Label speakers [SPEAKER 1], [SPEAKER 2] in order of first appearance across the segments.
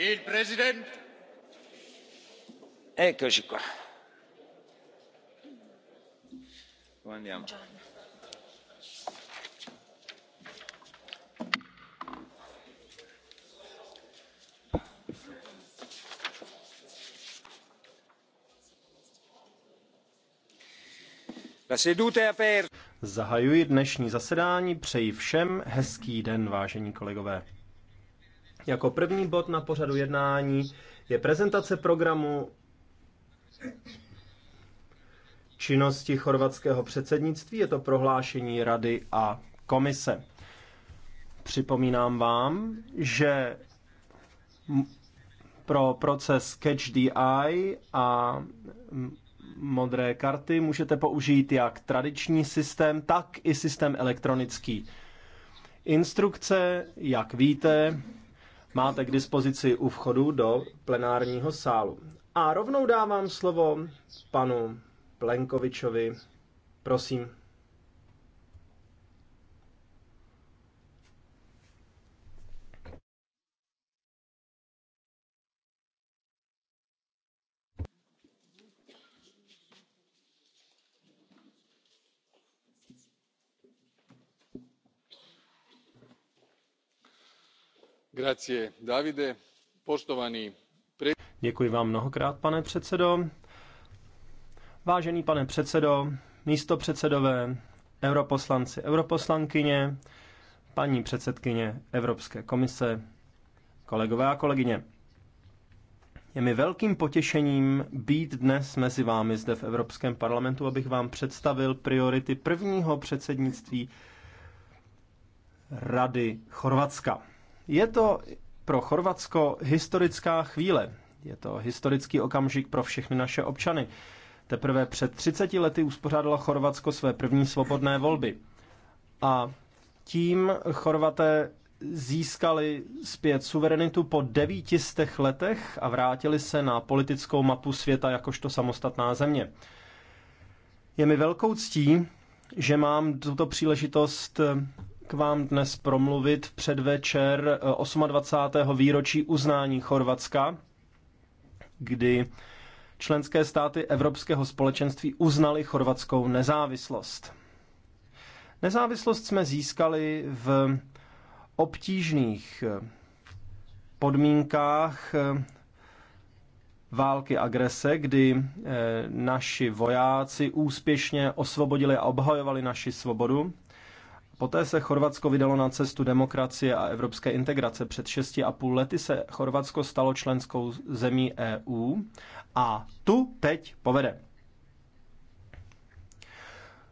[SPEAKER 1] Il presidente. Eccoci qua. Come andiamo? Zahajuji dnešní zasedání, přeji všem hezký den, vážení kolegové. Jako první bod na pořadu jednání je prezentace programu činnosti chorvatského předsednictví. Je to prohlášení Rady a komise. Připomínám vám, že pro proces Catch the Eye a modré karty můžete použít jak tradiční systém, tak i systém elektronický. Instrukce, jak víte, máte k dispozici u vchodu do plenárního sálu. A rovnou dávám slovo panu Plenkovičovi. Prosím. Děkuji vám mnohokrát, pane předsedo. Vážený pane předsedo, místo předsedové, europoslanci, europoslankyně, paní předsedkyně Evropské komise, kolegové a kolegyně. Je mi velkým potěšením být dnes mezi vámi zde v Evropském parlamentu, abych vám představil priority prvního předsednictví Rady Chorvatska. Je to pro Chorvatsko historická chvíle. Je to historický okamžik pro všechny naše občany. Teprve před 30 lety uspořádalo Chorvatsko své první svobodné volby. A tím Chorvaté získali zpět suverenitu po devítistech letech a vrátili se na politickou mapu světa jakožto samostatná země. Je mi velkou ctí, že mám tuto příležitost k vám dnes promluvit v předvečer 28. Eh, výročí uznání Chorvatska, kdy členské státy Evropského společenství uznaly chorvatskou nezávislost. Nezávislost jsme získali v obtížných eh, podmínkách eh, války agrese, kdy naši vojáci úspěšně osvobodili a obhajovali naši svobodu Poté se Chorvatsko vydalo na cestu demokracie a evropské integrace. Před 6,5 lety se Chorvatsko stalo členskou zemí EU a tu teď povede.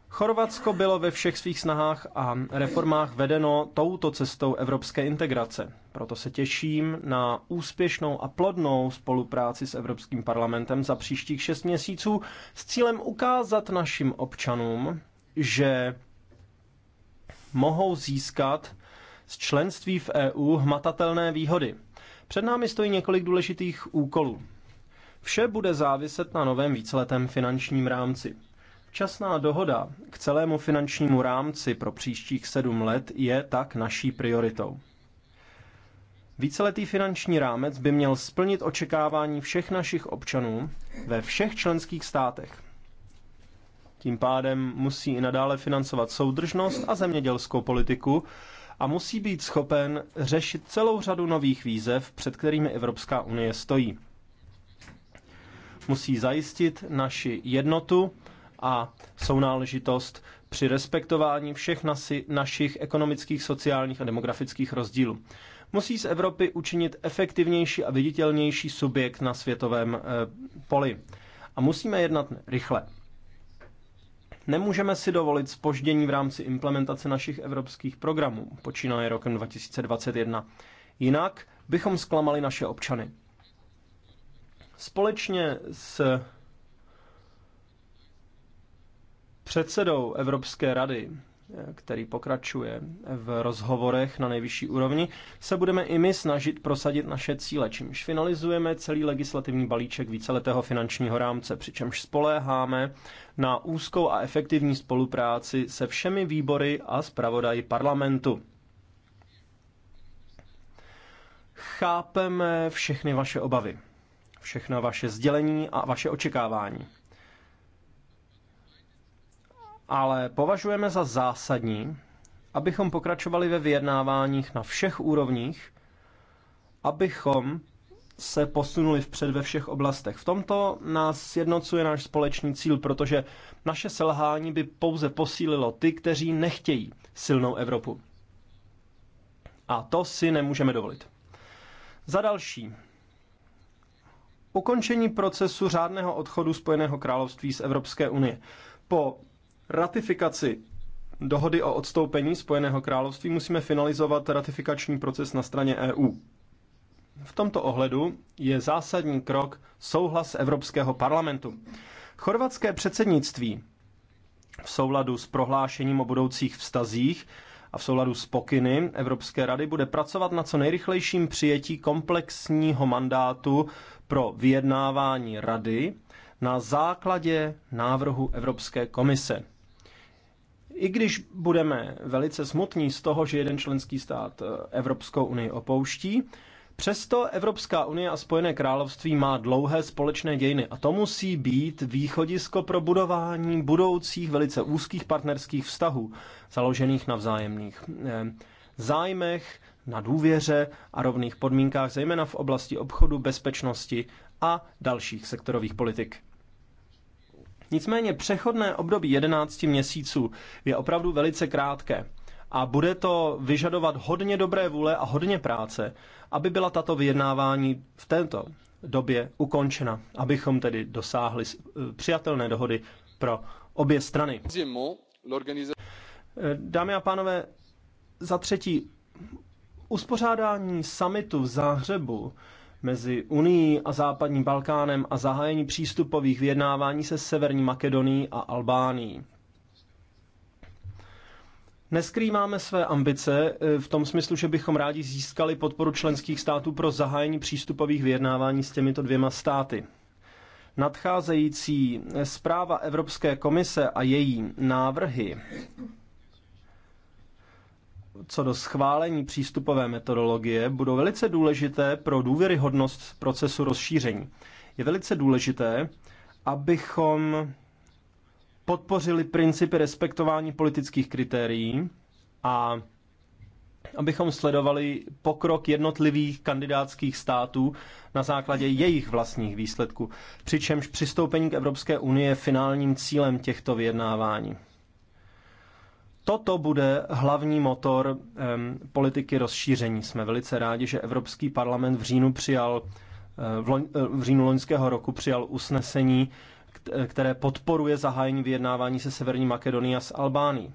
[SPEAKER 1] Chorvatsko bylo ve všech svých snahách a reformách vedeno touto cestou evropské integrace. Proto se těším na úspěšnou a plodnou spolupráci s Evropským parlamentem za příštích šest měsíců s cílem ukázat našim občanům, že mohou získat z členství v EU hmatatelné výhody. Před námi stojí několik důležitých úkolů. Vše bude záviset na novém víceletém finančním rámci. Včasná dohoda k celému finančnímu rámci pro příštích sedm let je tak naší prioritou. Víceletý finanční rámec by měl splnit očekávání všech našich občanů ve všech členských státech. Tím pádem musí i nadále financovat soudržnost a zemědělskou politiku a musí být schopen řešit celou řadu nových výzev, před kterými Evropská unie stojí. Musí zajistit naši jednotu a sounáležitost při respektování všech nasi, našich ekonomických, sociálních a demografických rozdílů. Musí z Evropy učinit efektivnější a viditelnější subjekt na světovém e, poli. A musíme jednat rychle. Nemůžeme si dovolit spoždění v rámci implementace našich evropských programů, počínaje rokem 2021. Jinak bychom zklamali naše občany. Společně s předsedou Evropské rady který pokračuje v rozhovorech na nejvyšší úrovni, se budeme i my snažit prosadit naše cíle, čímž finalizujeme celý legislativní balíček víceletého finančního rámce, přičemž spoléháme na úzkou a efektivní spolupráci se všemi výbory a zpravodaji parlamentu. Chápeme všechny vaše obavy, všechna vaše sdělení a vaše očekávání ale považujeme za zásadní, abychom pokračovali ve vyjednáváních na všech úrovních, abychom se posunuli vpřed ve všech oblastech. V tomto nás sjednocuje náš společný cíl, protože naše selhání by pouze posílilo ty, kteří nechtějí silnou Evropu. A to si nemůžeme dovolit. Za další, ukončení procesu řádného odchodu Spojeného království z Evropské unie. Po ratifikaci dohody o odstoupení Spojeného království musíme finalizovat ratifikační proces na straně EU. V tomto ohledu je zásadní krok souhlas Evropského parlamentu. Chorvatské předsednictví v souladu s prohlášením o budoucích vztazích a v souladu s pokyny Evropské rady bude pracovat na co nejrychlejším přijetí komplexního mandátu pro vyjednávání rady na základě návrhu Evropské komise. I když budeme velice smutní z toho, že jeden členský stát eh, Evropskou unii opouští, Přesto Evropská unie a Spojené království má dlouhé společné dějiny a to musí být východisko pro budování budoucích velice úzkých partnerských vztahů, založených na vzájemných eh, zájmech, na důvěře a rovných podmínkách, zejména v oblasti obchodu, bezpečnosti a dalších sektorových politik. Nicméně přechodné období 11 měsíců je opravdu velice krátké a bude to vyžadovat hodně dobré vůle a hodně práce, aby byla tato vyjednávání v této době ukončena, abychom tedy dosáhli eh, přijatelné dohody pro obě strany. Eh, dámy a pánové, za třetí, uspořádání summitu v Záhřebu mezi Unii a Západním Balkánem a zahájení přístupových vyjednávání se Severní Makedonií a Albánií. Neskrýváme své ambice eh, v tom smyslu, že bychom rádi získali podporu členských států pro zahájení přístupových vyjednávání s těmito dvěma státy. Nadcházející eh, zpráva Evropské komise a její návrhy co do schválení přístupové metodologie budou velice důležité pro důvěryhodnost procesu rozšíření. Je velice důležité, abychom podpořili principy respektování politických kritérií a abychom sledovali pokrok jednotlivých kandidátských států na základě jejich vlastních výsledků, přičemž přistoupení k Evropské unii je finálním cílem těchto vyjednávání. Toto bude hlavní motor politiky rozšíření. Jsme velice rádi, že Evropský parlament v říjnu přijal eh, v, loň, eh, v říjnu loňského roku přijal usnesení, eh, které podporuje zahájení vyjednávání se Severní Makedonie a s Albánií.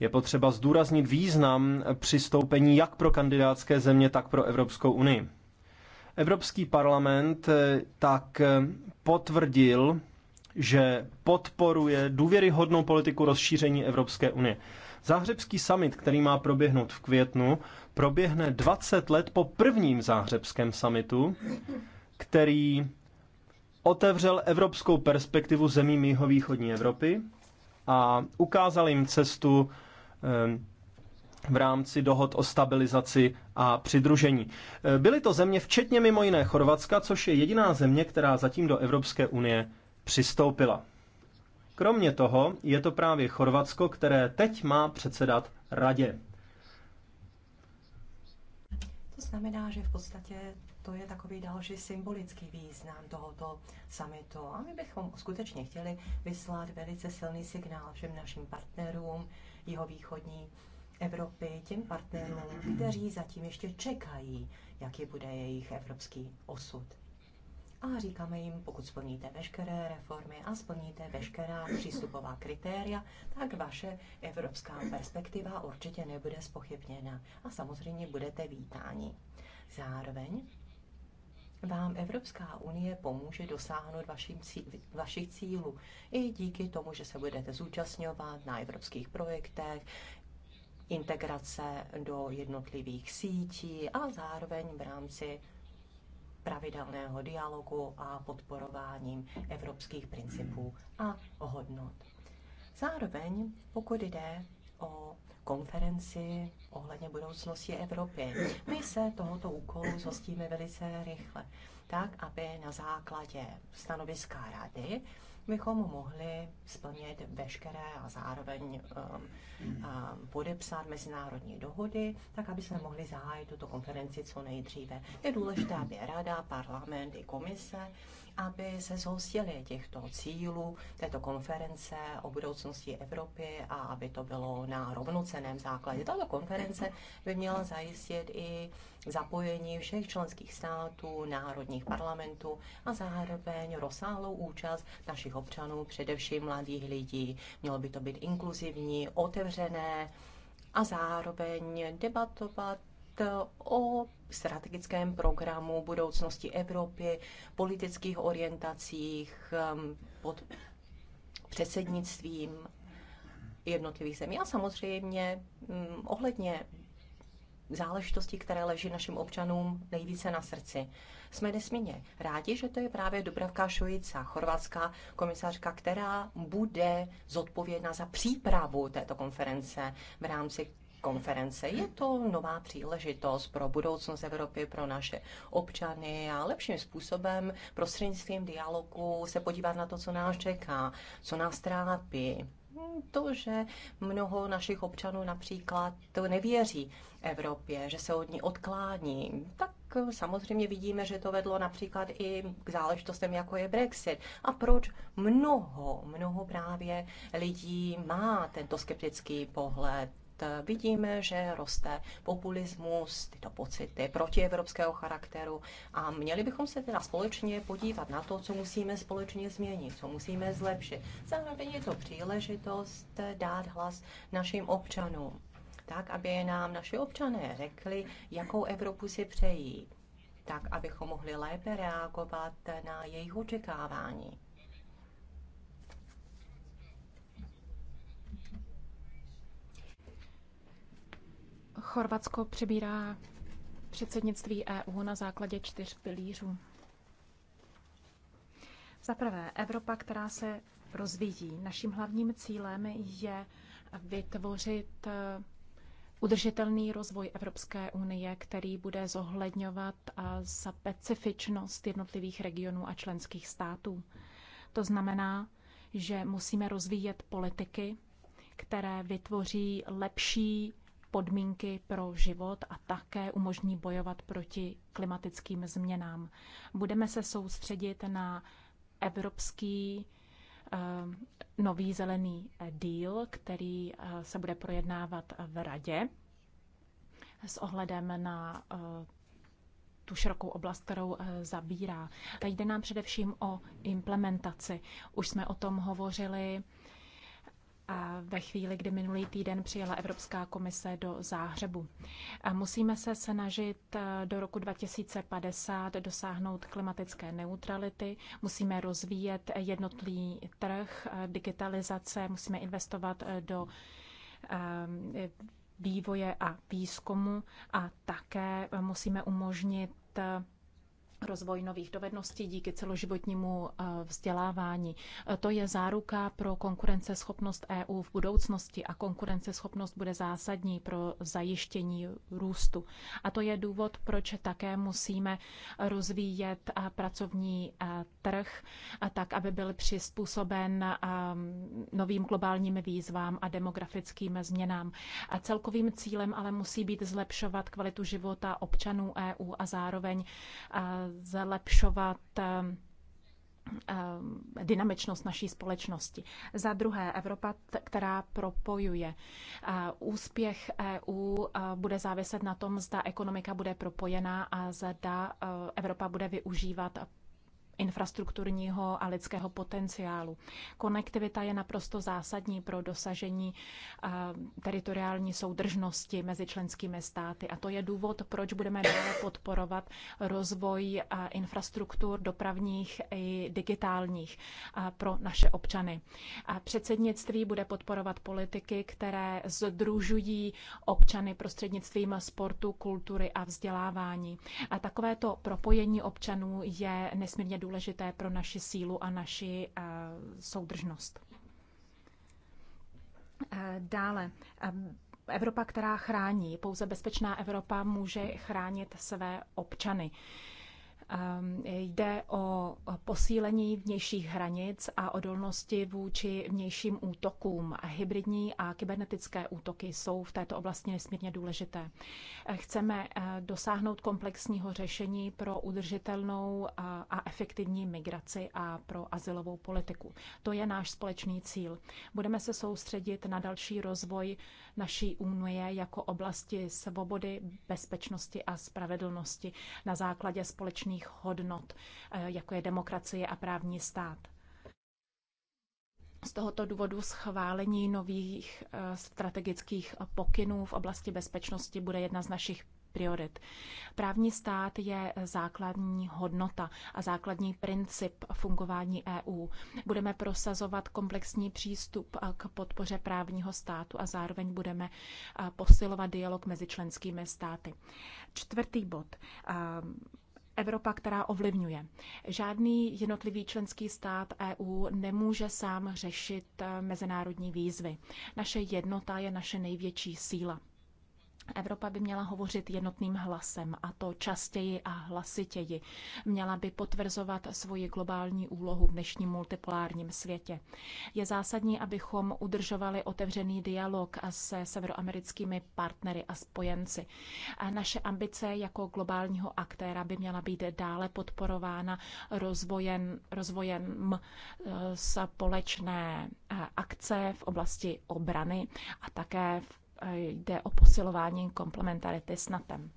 [SPEAKER 1] Je potřeba zdůraznit význam přistoupení jak pro kandidátské země, tak pro Evropskou unii. Evropský parlament tak potvrdil že podporuje důvěryhodnou politiku rozšíření Evropské unie. Záhřebský summit, který má proběhnout v květnu, proběhne 20 let po prvním záhřebském summitu, který otevřel evropskou perspektivu zemí jihovýchodní Evropy a ukázal jim cestu ehm, v rámci dohod o stabilizaci a přidružení. Ehm, byly to země, včetně mimo jiné Chorvatska, což je jediná země, která zatím do Evropské unie přistoupila. Kromě toho je to právě Chorvatsko, které teď má předsedat radě.
[SPEAKER 2] To znamená, že v podstatě to je takový další symbolický význam tohoto samitu. A my bychom skutečně chtěli vyslat velice silný signál všem našim partnerům jeho východní Evropy, těm partnerům, kteří zatím ještě čekají, jaký bude jejich evropský osud a říkáme jim, pokud splníte veškeré reformy a splníte veškerá přístupová kritéria, tak vaše evropská perspektiva určitě nebude spochybněna a samozřejmě budete vítáni. Zároveň vám Evropská unie pomůže dosáhnout vašich cílů i díky tomu, že se budete zúčastňovat na evropských projektech, integrace do jednotlivých sítí a zároveň v rámci pravidelného dialogu a podporováním evropských principů a hodnot. Zároveň, pokud jde o konferenci ohledně budoucnosti Evropy, my se tohoto úkolu zhostíme velice rychle, tak aby na základě stanoviska Rady bychom mohli splnit veškeré a zároveň um, um, podepsat mezinárodní dohody, tak aby jsme mohli zahájit tuto konferenci co nejdříve. Je důležité, aby Rada, parlament i komise aby se zhostili těchto cílů této konference o budoucnosti Evropy a aby to bylo na rovnoceném základě. Tato konference by měla zajistit i zapojení všech členských států, národních parlamentů a zároveň rozsáhlou účast našich občanů, především mladých lidí. Mělo by to být inkluzivní, otevřené a zároveň debatovat o strategickém programu budoucnosti Evropy, politických orientacích, um, pod předsednictvím jednotlivých zemí a samozřejmě mm, ohledně záležitosti, které leží našim občanům nejvíce na srdci. Jsme nesmírně rádi, že to je právě Dubravka Šojica, chorvatská komisařka, která bude zodpovědná za přípravu této konference, v rámci konference. Je to nová příležitost pro budoucnost Evropy, pro naše občany a lepším způsobem prostřednictvím dialogu se podívat na to, co nás čeká, co nás trápí, to, že mnoho našich občanů například to nevěří Evropě, že se od ní odklání, tak samozřejmě vidíme, že to vedlo například i k záležitostem, jako je Brexit. A proč mnoho, mnoho právě lidí má tento skeptický pohled Eh, vidíme, že roste populismus, tyto pocity protievropského charakteru a měli bychom se teda společně podívat na to, co musíme společně změnit, co musíme zlepšit. Zároveň je to příležitost eh, dát hlas našim občanům, tak, aby nám naši občané řekli, jakou Evropu si přejí, tak, abychom mohli lépe reagovat na jejich očekávání.
[SPEAKER 3] Chorvatsko přebírá předsednictví EU na základě čtyř pilířů. Za prvé, Evropa, která se rozvíjí. Naším hlavním cílem je vytvořit eh, udržitelný rozvoj Evropské unie, který bude zohledňovat specifičnost jednotlivých regionů a členských států. To znamená, že musíme rozvíjet politiky, které vytvoří lepší podmínky pro život a také umožní bojovat proti klimatickým změnám. Budeme se soustředit na evropský eh, nový zelený díl, který eh, se bude projednávat v radě s ohledem na eh, tu širokou oblast, kterou zabírá. Jde nám především o implementaci. Už jsme o tom hovořili ve chvíli, kdy minulý týden přijela Evropská komise do Záhřebu. Musíme se snažit eh, do roku 2050 dosáhnout klimatické neutrality, musíme rozvíjet jednotný trh, eh, digitalizace, musíme investovat eh, do vývoje a výzkumu a také musíme umožnit rozvoj nových dovedností díky celoživotnímu eh, vzdělávání. Eh, to je záruka pro konkurenceschopnost EU v budoucnosti a konkurenceschopnost bude zásadní pro zajištění růstu. A to je důvod, proč také musíme rozvíjet eh, pracovní trh tak, aby byl přizpůsoben novým globálním výzvám a demografickým změnám. A celkovým cílem ale musí být zlepšovat kvalitu života občanů EU a zároveň zlepšovat eh, dynamičnost naší společnosti. Za druhé, Evropa, která propojuje. Eh, úspěch EU eh, bude záviset na tom, zda ekonomika bude propojená a zda Evropa bude využívat infrastrukturního a lidského potenciálu. Konektivita je naprosto zásadní pro dosažení eh, teritoriální soudržnosti mezi členskými státy a to je důvod, proč budeme dále podporovat rozvoj eh, infrastruktur dopravních i digitálních eh, pro naše občany. Předsednictví bude podporovat politiky, které združují občany prostřednictvím sportu, kultury a vzdělávání. A takovéto propojení občanů je nesmírně důležité důležité pro naši sílu a naši eh, soudržnost. Eh, dále, eh, Evropa, která chrání, pouze bezpečná Evropa může chránit své občany. Ehm, jde o posílení vnějších hranic a odolnosti vůči vnějším útokům. Hybridní a kybernetické útoky jsou v této oblasti nesmírně důležité. Eh, chceme eh, dosáhnout komplexního řešení pro udržitelnou eh, a efektivní migraci a pro asilovou politiku. To je náš společný cíl. Budeme se soustředit na další rozvoj naší unie jako oblasti svobody, bezpečnosti a spravedlnosti na základě společných základních hodnot, eh, jako je demokracie a právní stát. Z tohoto důvodu schválení nových eh, strategických pokynů v oblasti bezpečnosti bude jedna z našich priorit. Právní stát je základní hodnota a základní princip fungování EU. Budeme prosazovat komplexní přístup k podpoře právního státu a zároveň budeme eh, posilovat dialog mezi členskými státy. Čtvrtý bod Evropa, která ovlivňuje. Žádný jednotlivý členský stát EU nemůže sám řešit eh, mezinárodní výzvy. Naše jednota je naše největší síla. Evropa by měla hovořit jednotným hlasem, a to častěji a hlasitěji. Měla by potvrzovat svoji globální úlohu v dnešním multipolárním světě. Je zásadní, abychom udržovali otevřený dialog se severoamerickými partnery a spojenci. A naše ambice jako globálního aktéra by měla být dále podporována rozvojem, rozvojem e, společné e, akce v oblasti obrany a také v jde o posilování komplementarity s NATEM.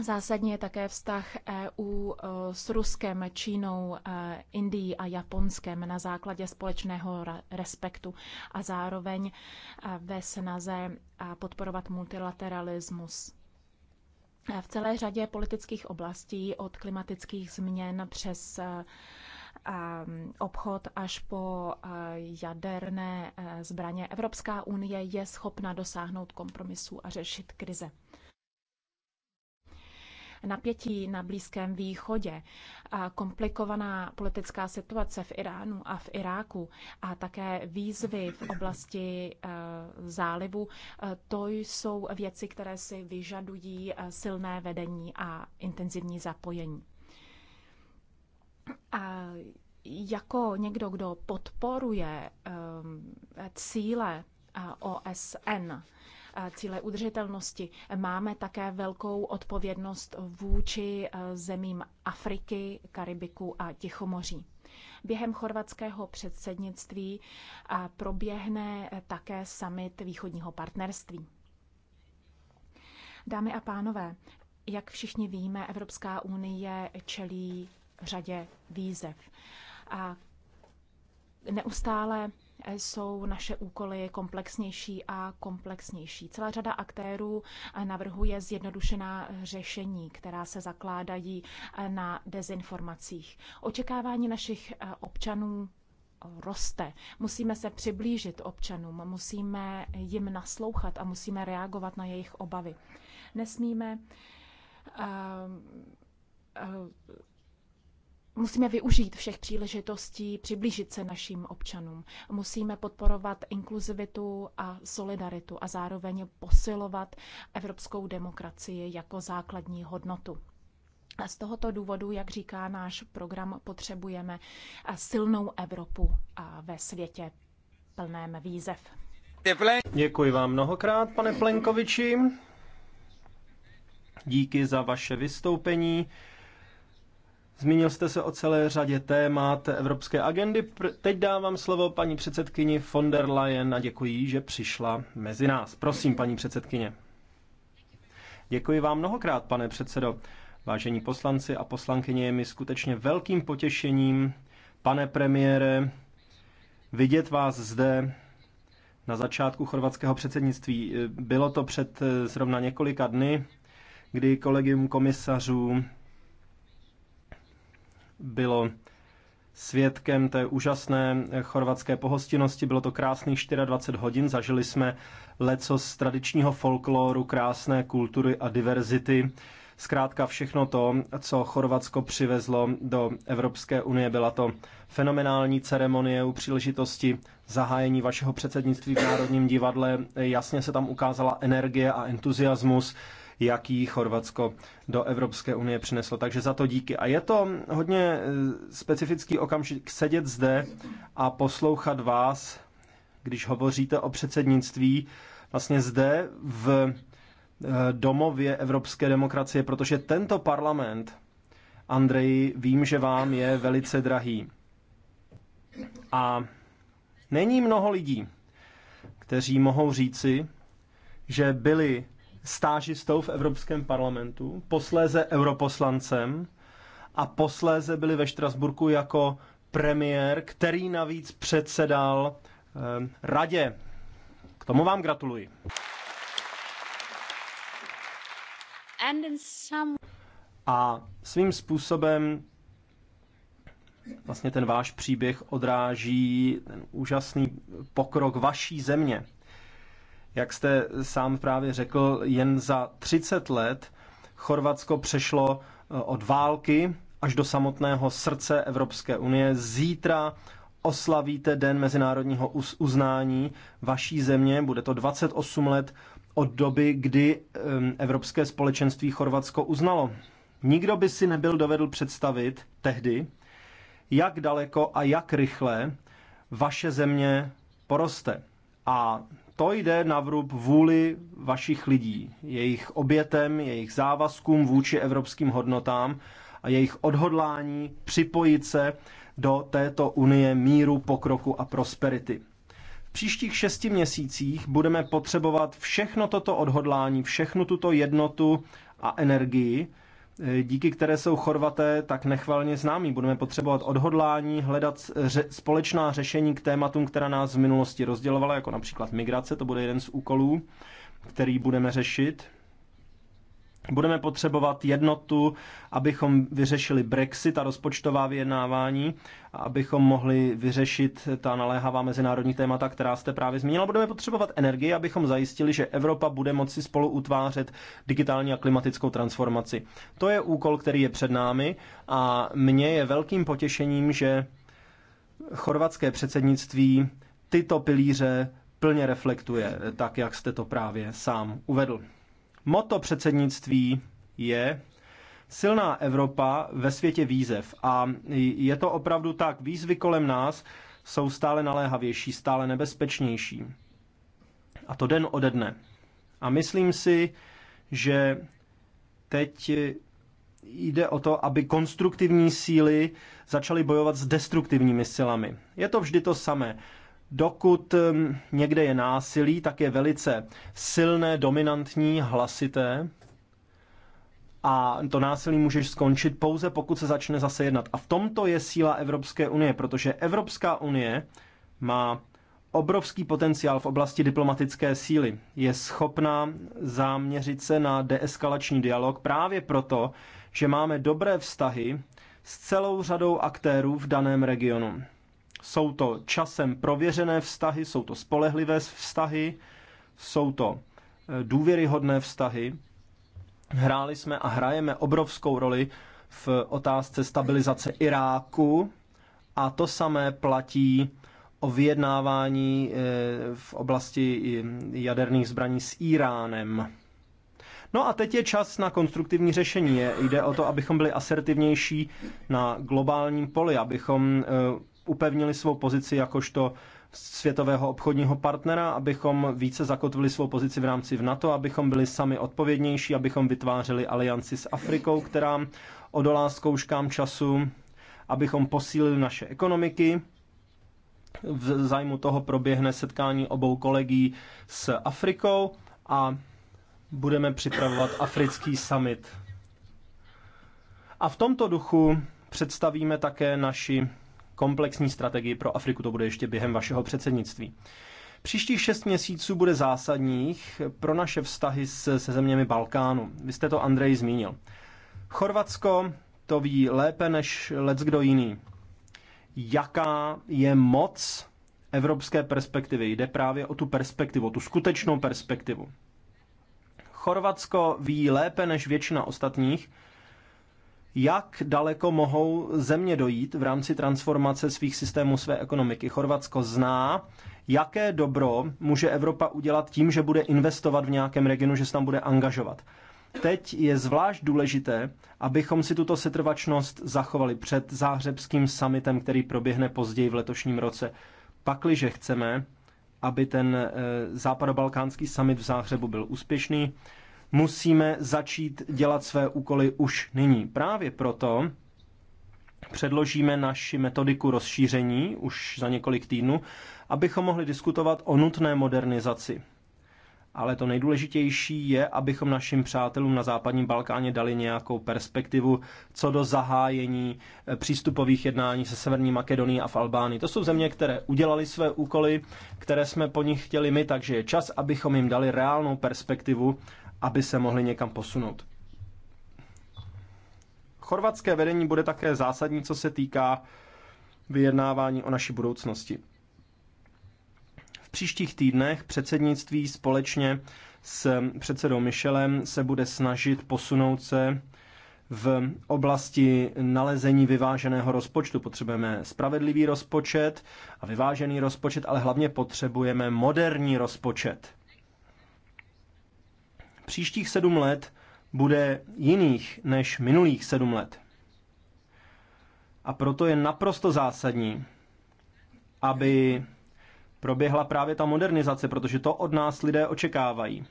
[SPEAKER 3] Zásadní je také vztah EU e, s Ruskem, Čínou, e, Indií a Japonskem na základě společného respektu a zároveň e, ve snaze podporovat multilateralismus. V celé řadě politických oblastí od klimatických změn přes Um, obchod až po uh, jaderné uh, zbraně. Evropská unie je schopna dosáhnout kompromisu a řešit krize. Napětí na Blízkém východě, komplikovaná politická situace v Iránu a v Iráku a také výzvy v oblasti uh, zálivu, to jsou věci, které si vyžadují silné vedení a intenzivní zapojení. A jako někdo, kdo podporuje ehm, cíle OSN, cíle udržitelnosti, máme také velkou odpovědnost vůči e, zemím Afriky, Karibiku a Tichomoří. Během chorvatského předsednictví proběhne e, také summit východního partnerství. Dámy a pánové, jak všichni víme, Evropská unie čelí řadě výzev. A neustále jsou naše úkoly komplexnější a komplexnější. Celá řada aktérů navrhuje zjednodušená řešení, která se zakládají na dezinformacích. Očekávání našich občanů roste. Musíme se přiblížit občanům, musíme jim naslouchat a musíme reagovat na jejich obavy. Nesmíme uh, uh, Musíme využít všech příležitostí přiblížit se našim občanům. Musíme podporovat inkluzivitu a solidaritu a zároveň posilovat evropskou demokracii jako základní hodnotu. A z tohoto důvodu, jak říká náš program, potřebujeme silnou Evropu a ve světě plném výzev.
[SPEAKER 1] Děkuji vám mnohokrát, pane Plenkoviči. Díky za vaše vystoupení. Zmínil jste se o celé řadě témat evropské agendy. Teď dávám slovo paní předsedkyni von der Leyen a děkuji, že přišla mezi nás. Prosím, paní předsedkyně. Děkuji vám mnohokrát, pane předsedo. Vážení poslanci a poslankyně, je mi skutečně velkým potěšením, pane premiére, vidět vás zde na začátku chorvatského předsednictví. Bylo to před eh, zrovna několika dny, kdy kolegium komisařů bylo svědkem té úžasné chorvatské pohostinnosti. Bylo to krásných 24 hodin, zažili jsme leco z tradičního folkloru, krásné kultury a diverzity. Zkrátka všechno to, co Chorvatsko přivezlo do Evropské unie, byla to fenomenální ceremonie u příležitosti zahájení vašeho předsednictví v Národním divadle. Jasně se tam ukázala energie a entuziasmus jaký Chorvatsko do Evropské unie přineslo. Takže za to díky. A je to hodně e, specifický okamžik sedět zde a poslouchat vás, když hovoříte o předsednictví, vlastně zde v e, domově evropské demokracie, protože tento parlament, Andrej, vím, že vám je velice drahý. A není mnoho lidí, kteří mohou říci, že byli stážistou v Evropském parlamentu, posléze europoslancem a posléze byli ve Štrasburku jako premiér, který navíc předsedal eh, radě. K tomu vám gratuluji. Some... A svým způsobem vlastně ten váš příběh odráží ten úžasný pokrok vaší země. Jak jste sám právě řekl, jen za 30 let Chorvatsko přešlo eh, od války až do samotného srdce Evropské unie. Zítra oslavíte Den mezinárodního uznání vaší země. Bude to 28 let od doby, kdy Evropské společenství Chorvatsko uznalo. Nikdo by si nebyl dovedl představit tehdy, jak daleko a jak rychle vaše země poroste. A to jde na vrub vůli vašich lidí, jejich obětem, jejich závazkům vůči evropským hodnotám a jejich odhodlání připojit se do této unie míru, pokroku a prosperity. V příštích šesti měsících budeme potřebovat všechno toto odhodlání, všechnu tuto jednotu a energii, díky které jsou Chorvaté tak nechvalně známí. Budeme potřebovat odhodlání, hledat ře- společná řešení k tématům, která nás v minulosti rozdělovala, jako například migrace, to bude jeden z úkolů, který budeme řešit. Budeme potřebovat jednotu, abychom vyřešili Brexit a rozpočtová vyjednávání, abychom mohli vyřešit ta naléhavá mezinárodní témata, která jste právě zmínila. Budeme potřebovat energii, abychom zajistili, že Evropa bude moci spolu utvářet digitální a klimatickou transformaci. To je úkol, který je před námi a mně je velkým potěšením, že chorvatské předsednictví tyto pilíře plně reflektuje, tak jak jste to právě sám uvedl. Moto předsednictví je silná Evropa ve světě výzev. A je to opravdu tak, výzvy kolem nás jsou stále naléhavější, stále nebezpečnější. A to den ode dne. A myslím si, že teď jde o to, aby konstruktivní síly začaly bojovat s destruktivními silami. Je to vždy to samé. Dokud někde je násilí, tak je velice silné, dominantní, hlasité. A to násilí můžeš skončit pouze, pokud se začne zase jednat. A v tomto je síla Evropské unie, protože Evropská unie má obrovský potenciál v oblasti diplomatické síly. Je schopná záměřit se na deeskalační dialog právě proto, že máme dobré vztahy s celou řadou aktérů v daném regionu. Jsou to časem prověřené vztahy, jsou to spolehlivé vztahy, jsou to eh, důvěryhodné vztahy. Hráli jsme a hrajeme obrovskou roli v otázce stabilizace Iráku a to samé platí o vyjednávání eh, v oblasti eh, jaderných zbraní s Iránem. No a teď je čas na konstruktivní řešení. Jde o to, abychom byli asertivnější na globálním poli, abychom upevnili svou pozici jakožto světového obchodního partnera, abychom více zakotvili svou pozici v rámci v NATO, abychom byli sami odpovědnější, abychom vytvářeli alianci s Afrikou, která odolá zkouškám času, abychom posílili naše ekonomiky. V zájmu toho proběhne setkání obou kolegí s Afrikou a budeme připravovat africký summit. A v tomto duchu představíme také naši komplexní strategii pro Afriku. To bude ještě během vašeho předsednictví. Příštích šest měsíců bude zásadních pro naše vztahy se, se zeměmi Balkánu. Vy jste to, Andrej, zmínil. Chorvatsko to ví lépe než lec kdo jiný. Jaká je moc evropské perspektivy? Jde právě o tu perspektivu, tu skutečnou perspektivu. Chorvatsko ví lépe než většina ostatních, jak daleko mohou země dojít v rámci transformace svých systémů své ekonomiky. Chorvatsko zná, jaké dobro může Evropa udělat tím, že bude investovat v nějakém regionu, že se tam bude angažovat. Teď je zvlášť důležité, abychom si tuto setrvačnost zachovali před záhřebským summitem, který proběhne později v letošním roce. Pakliže chceme, aby ten eh, západobalkánský summit v Záhřebu byl úspěšný, musíme začít dělat své úkoly už nyní. Právě proto předložíme naši metodiku rozšíření už za několik týdnů, abychom mohli diskutovat o nutné modernizaci. Ale to nejdůležitější je, abychom našim přátelům na západním Balkáně dali nějakou perspektivu co do zahájení eh, přístupových jednání se Severní Makedonií a v Albánii. To jsou země, které udělali své úkoly, které jsme po nich chtěli my, takže je čas, abychom jim dali reálnou perspektivu aby se mohli někam posunout. Chorvatské vedení bude také zásadní, co se týká vyjednávání o naší budoucnosti. V příštích týdnech předsednictví společně s předsedou Michelem se bude snažit posunout se v oblasti nalezení vyváženého rozpočtu. Potřebujeme spravedlivý rozpočet a vyvážený rozpočet, ale hlavně potřebujeme moderní rozpočet. Příštích sedm let bude jiných než minulých sedm let. A proto je naprosto zásadní, aby proběhla právě ta modernizace, protože to od nás lidé očekávají.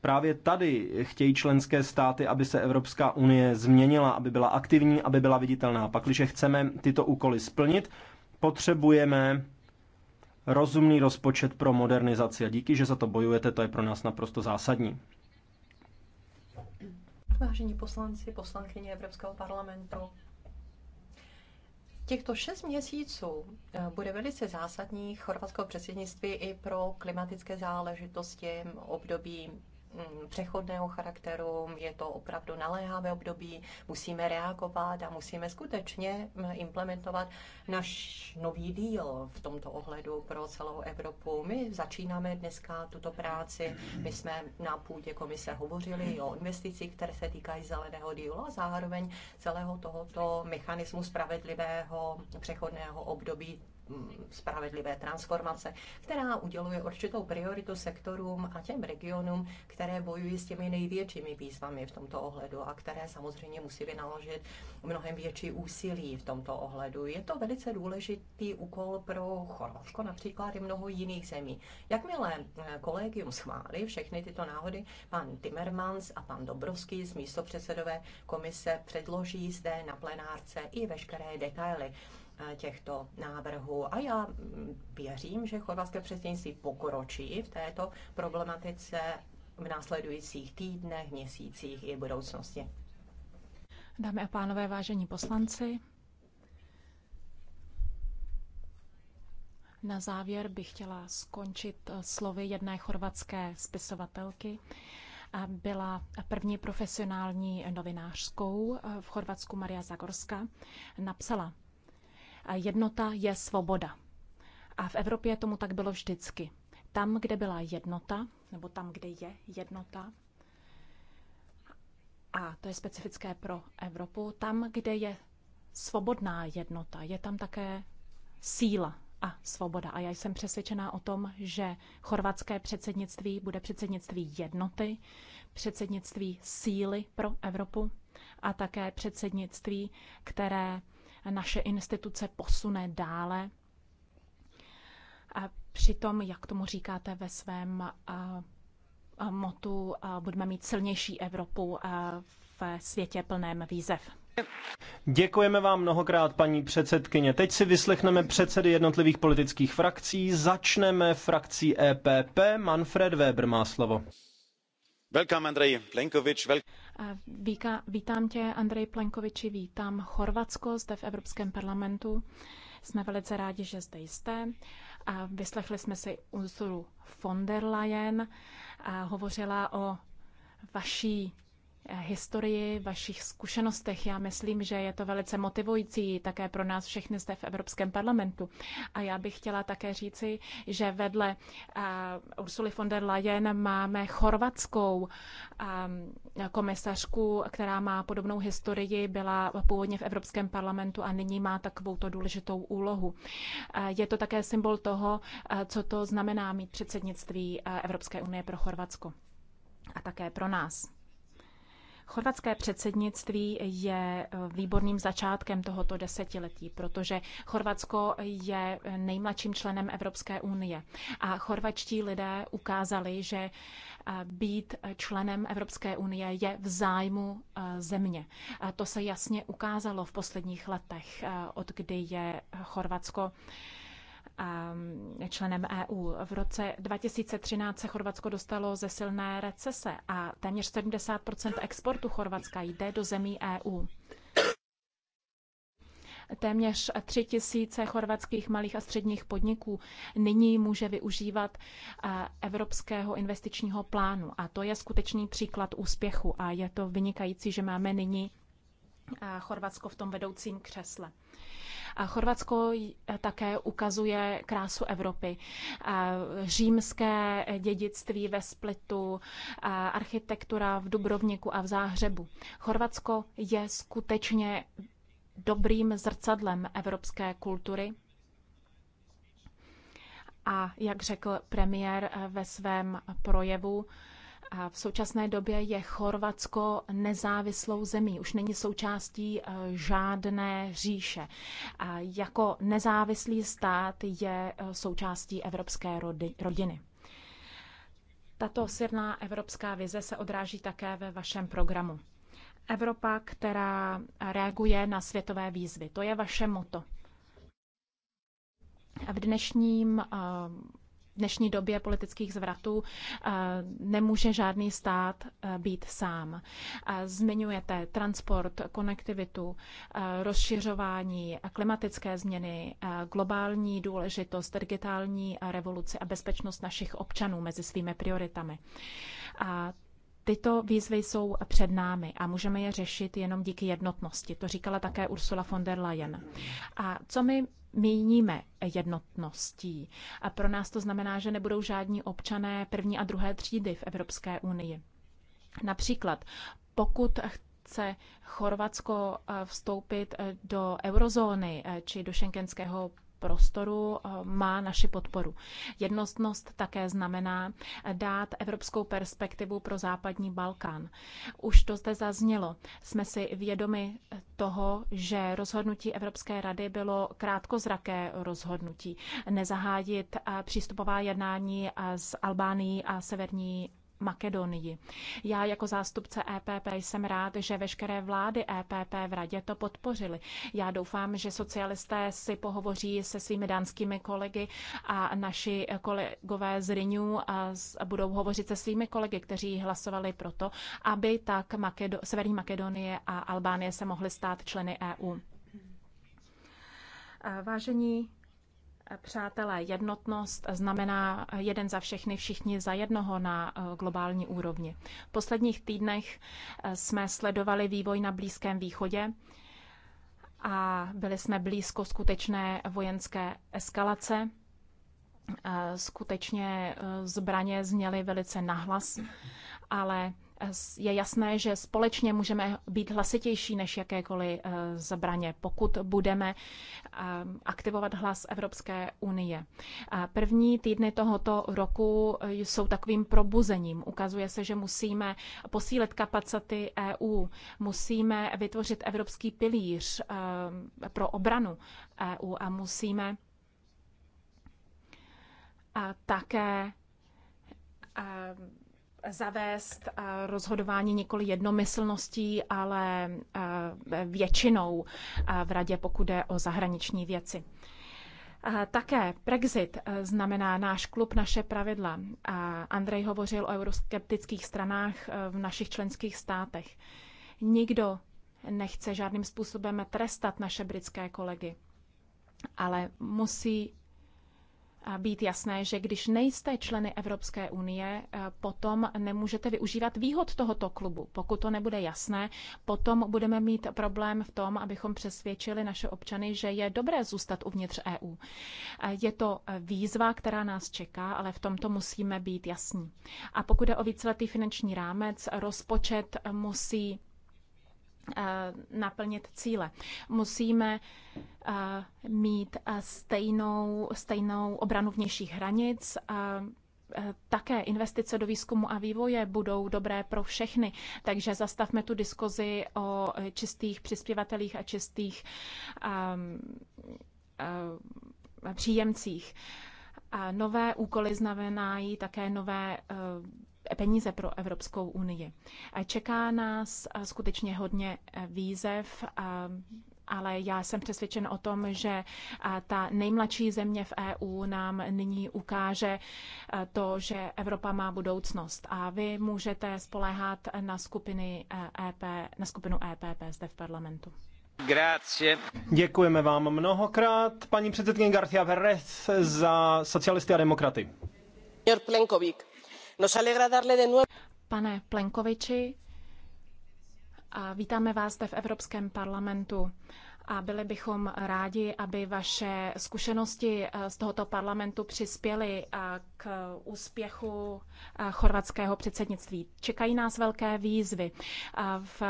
[SPEAKER 1] Právě tady chtějí členské státy, aby se Evropská unie změnila, aby byla aktivní, aby byla viditelná. Pak, když chceme tyto úkoly splnit, potřebujeme rozumný rozpočet pro modernizaci a díky, že za to bojujete, to je pro nás naprosto zásadní.
[SPEAKER 2] Vážení poslanci, poslankyně Evropského parlamentu, Těchto šest měsíců eh, bude velice zásadní chorvatského předsednictví i pro klimatické záležitosti období Mm, přechodného charakteru, je to opravdu naléhavé období, musíme reagovat a musíme skutečně mm, implementovat náš nový díl v tomto ohledu pro celou Evropu. My začínáme dneska tuto práci, my jsme na půdě komise hovořili o investicích, které se týkají zeleného dílu a zároveň celého tohoto mechanismu spravedlivého přechodného období spravedlivé transformace, která uděluje určitou prioritu sektorům a těm regionům, které bojují s těmi největšími výzvami v tomto ohledu a které samozřejmě musí vynaložit mnohem větší úsilí v tomto ohledu. Je to velice důležitý úkol pro Chorvatsko například i mnoho jiných zemí. Jakmile eh, kolegium schválí všechny tyto náhody, pan Timmermans a pan Dobrovský z místopředsedové komise předloží zde na plenárce i veškeré detaily Eh, těchto návrhů. A já mm, věřím, že chorvatské předsednictví pokročí v této problematice v následujících týdnech, měsících i budoucnosti.
[SPEAKER 3] Dámy a pánové, vážení poslanci, na závěr bych chtěla skončit eh, slovy jedné chorvatské spisovatelky. Byla první profesionální novinářskou eh, v Chorvatsku Maria Zagorska Napsala, Jednota je svoboda. A v Evropě tomu tak bylo vždycky. Tam, kde byla jednota, nebo tam, kde je jednota, a to je specifické pro Evropu, tam, kde je svobodná jednota, je tam také síla a svoboda. A já jsem přesvědčená o tom, že chorvatské předsednictví bude předsednictví jednoty, předsednictví síly pro Evropu a také předsednictví, které naše instituce posune dále. A přitom, jak tomu říkáte ve svém motu, budeme mít silnější Evropu v světě plném výzev.
[SPEAKER 1] Děkujeme vám mnohokrát, paní předsedkyně. Teď si vyslechneme předsedy jednotlivých politických frakcí. Začneme frakcí EPP. Manfred Weber má slovo. Welcome, Andrej Plenkovič.
[SPEAKER 3] Víka, vítám tě, Andrej Plenkoviči, vítám Chorvatsko zde v Evropském parlamentu. Jsme velice rádi, že zde jste. A vyslechli jsme si Ursulu von der Leyen a hovořila o vaší historii, vašich zkušenostech. Já myslím, že je to velice motivující také pro nás všechny zde v Evropském parlamentu. A já bych chtěla také říci, že vedle uh, Ursuly von der Leyen máme chorvatskou um, komisařku, která má podobnou historii, byla původně v Evropském parlamentu a nyní má takovouto důležitou úlohu. Uh, je to také symbol toho, uh, co to znamená mít předsednictví Evropské unie pro Chorvatsko a také pro nás. Chorvatské předsednictví je eh, výborným začátkem tohoto desetiletí, protože Chorvatsko je eh, nejmladším členem Evropské unie a chorvačtí lidé ukázali, že eh, být členem Evropské unie je v zájmu země. A to se jasně ukázalo v posledních letech, od kdy je Chorvatsko Um, členem EU. V roce 2013 se Chorvatsko dostalo ze silné recese a téměř 70 exportu Chorvatska jde do zemí EU. Téměř 3 tisíce chorvatských malých a středních podniků nyní může využívat eh, Evropského investičního plánu. A to je skutečný příklad úspěchu a je to vynikající, že máme nyní eh, Chorvatsko v tom vedoucím křesle. Chorvatsko eh, také ukazuje krásu Evropy. Eh, římské dědictví ve Splitu, eh, architektura v Dubrovniku a v Záhřebu. Chorvatsko je skutečně dobrým zrcadlem evropské kultury. A jak řekl premiér ve svém projevu, a v současné době je Chorvatsko nezávislou zemí, už není součástí eh, žádné říše. A jako nezávislý stát je eh, součástí evropské rodiny. Tato silná evropská vize se odráží také ve vašem programu. Evropa, která reaguje na světové výzvy. To je vaše moto. V dnešním eh, dnešní době politických zvratů eh, nemůže žádný stát eh, být sám. Eh, zmiňujete transport, konektivitu, rozšiřování, klimatické změny, globální důležitost, digitální revoluci a bezpečnost našich občanů mezi svými prioritami. A Tyto výzvy jsou před námi a můžeme je řešit jenom díky jednotnosti. To říkala také Ursula von der Leyen. A co my? míníme jednotností. A pro nás to znamená, že nebudou žádní občané první a druhé třídy v Evropské unii. Například, pokud chce Chorvatsko eh, vstoupit eh, do eurozóny eh, či do šenkenského prostoru eh, má naši podporu. Jednostnost také znamená dát evropskou perspektivu pro západní Balkán. Už to zde zaznělo. Jsme si vědomi toho, že rozhodnutí Evropské rady bylo krátkozraké rozhodnutí. Nezahájit eh, přístupová jednání eh, s Albánií a Severní Makedonii. Já jako zástupce EPP jsem rád, že veškeré vlády EPP v radě to podpořili. Já doufám, že socialisté si pohovoří se svými dánskými kolegy a naši kolegové z Renew a budou hovořit se svými kolegy, kteří hlasovali proto, aby tak Makedo- Severní Makedonie a Albánie se mohly stát členy EU. Vážení Přátelé, jednotnost znamená jeden za všechny, všichni za jednoho na eh, globální úrovni. V posledních týdnech eh, jsme sledovali vývoj na Blízkém východě a byli jsme blízko skutečné vojenské eskalace. Eh, skutečně zbraně zněly velice nahlas, ale je jasné, že společně můžeme být hlasitější než jakékoliv eh, zbraně, pokud budeme eh, aktivovat hlas Evropské unie. První týdny tohoto roku eh, jsou takovým probuzením. Ukazuje se, že musíme posílit kapacity EU, musíme vytvořit evropský pilíř pro obranu EU a musíme také zavést eh, rozhodování nikoli jednomyslností, ale eh, většinou eh, v radě, pokud jde o zahraniční věci. Také Brexit znamená náš klub, naše pravidla. Andrej hovořil o euroskeptických stranách v našich členských státech. Nikdo nechce žádným způsobem trestat naše britské kolegy, ale musí být jasné, že když nejste členy Evropské unie, eh, potom nemůžete využívat výhod tohoto klubu. Pokud to nebude jasné, potom budeme mít problém v tom, abychom přesvědčili naše občany, že je dobré zůstat uvnitř EU. Je to eh, výzva, která nás čeká, ale v tomto musíme být jasní. A pokud je o víceletý finanční rámec, rozpočet eh, musí Eh, naplnit cíle. Musíme eh, mít eh, stejnou, stejnou obranu vnějších hranic. Také investice do výzkumu a vývoje budou dobré pro všechny, takže zastavme tu diskuzi o čistých přispěvatelích a čistých ehm, ehm, příjemcích. A nové úkoly znamenají také nové peníze pro Evropskou unii. Čeká nás eh, skutečně hodně eh, výzev, eh, ale já jsem přesvědčen o tom, že ta nejmladší země v EU nám nyní ukáže to, že Evropa má budoucnost a vy můžete spoléhat na, skupiny EP, e na skupinu EPP zde v parlamentu.
[SPEAKER 1] Grazie. Děkujeme vám mnohokrát, paní předsedkyně Garcia Perez za socialisty a demokraty.
[SPEAKER 3] Plenkovík. Pane Plenkoviči, vítáme vás zde v Evropském parlamentu a byli bychom rádi, aby vaše zkušenosti eh, z tohoto parlamentu přispěly eh, k úspěchu eh, chorvatského předsednictví. Čekají nás velké výzvy.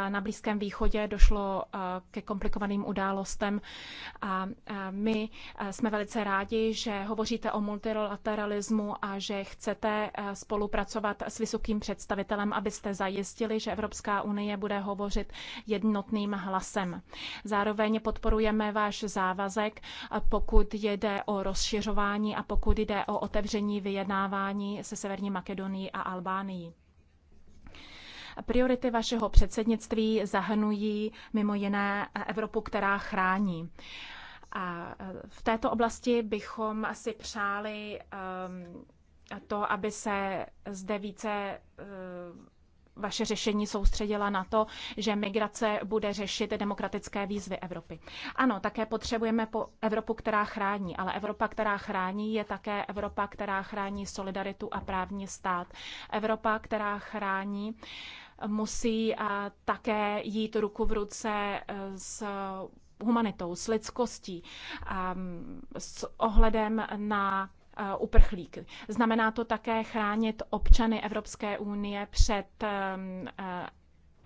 [SPEAKER 3] Na Blízkém východě došlo ke komplikovaným událostem a my jsme velice rádi, že hovoříte o multilateralismu a že chcete spolupracovat s vysokým představitelem, abyste zajistili, že Evropská unie bude hovořit jednotným hlasem. Zároveň podporujeme váš závazek, pokud jde o rozšiřování a pokud jde o otevření vyjednávání se Severní Makedonií a Albánií. Priority vašeho předsednictví zahrnují mimo jiné Evropu, která chrání. A e, v této oblasti bychom asi přáli um, to, aby se zde více vaše řešení soustředila na to, že migrace bude řešit demokratické výzvy Evropy. Ano, také potřebujeme po Evropu, která chrání, ale Evropa, která chrání, je také Evropa, která chrání solidaritu a právní stát. Evropa, která chrání, musí také jít ruku v ruce e, s humanitou, s lidskostí, s ohledem na uprchlíky. Znamená to také chránit občany Evropské unie před um, eh,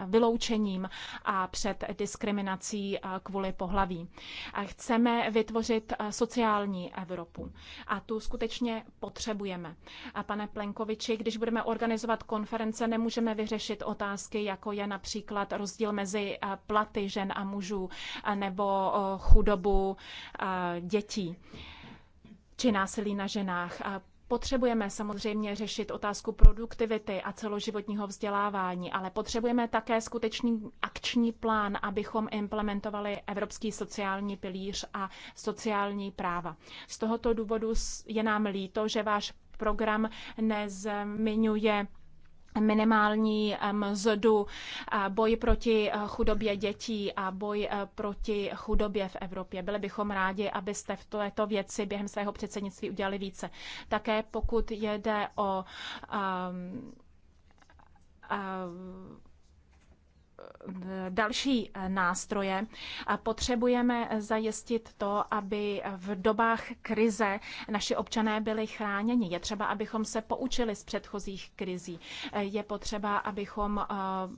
[SPEAKER 3] vyloučením a před diskriminací eh, kvůli pohlaví. Chceme vytvořit eh, sociální Evropu a tu skutečně potřebujeme. A pane Plenkoviči, když budeme organizovat konference, nemůžeme vyřešit otázky, jako je například rozdíl mezi platy žen a mužů nebo chudobu dětí či násilí na ženách. A potřebujeme samozřejmě řešit otázku produktivity a celoživotního vzdělávání, ale potřebujeme také skutečný akční plán, abychom implementovali Evropský sociální pilíř a sociální práva. Z tohoto důvodu je nám líto, že váš program nezmiňuje minimální mzdu, boj proti eh, chudobě dětí a boj eh, proti chudobě v Evropě. Byli bychom rádi, abyste v této věci během svého předsednictví udělali více. Také pokud jde o um, um, další eh, nástroje. Potřebujeme zajistit to, aby v dobách krize naši občané byli chráněni. Je třeba, abychom se poučili z předchozích krizí. Eh, je potřeba, abychom eh,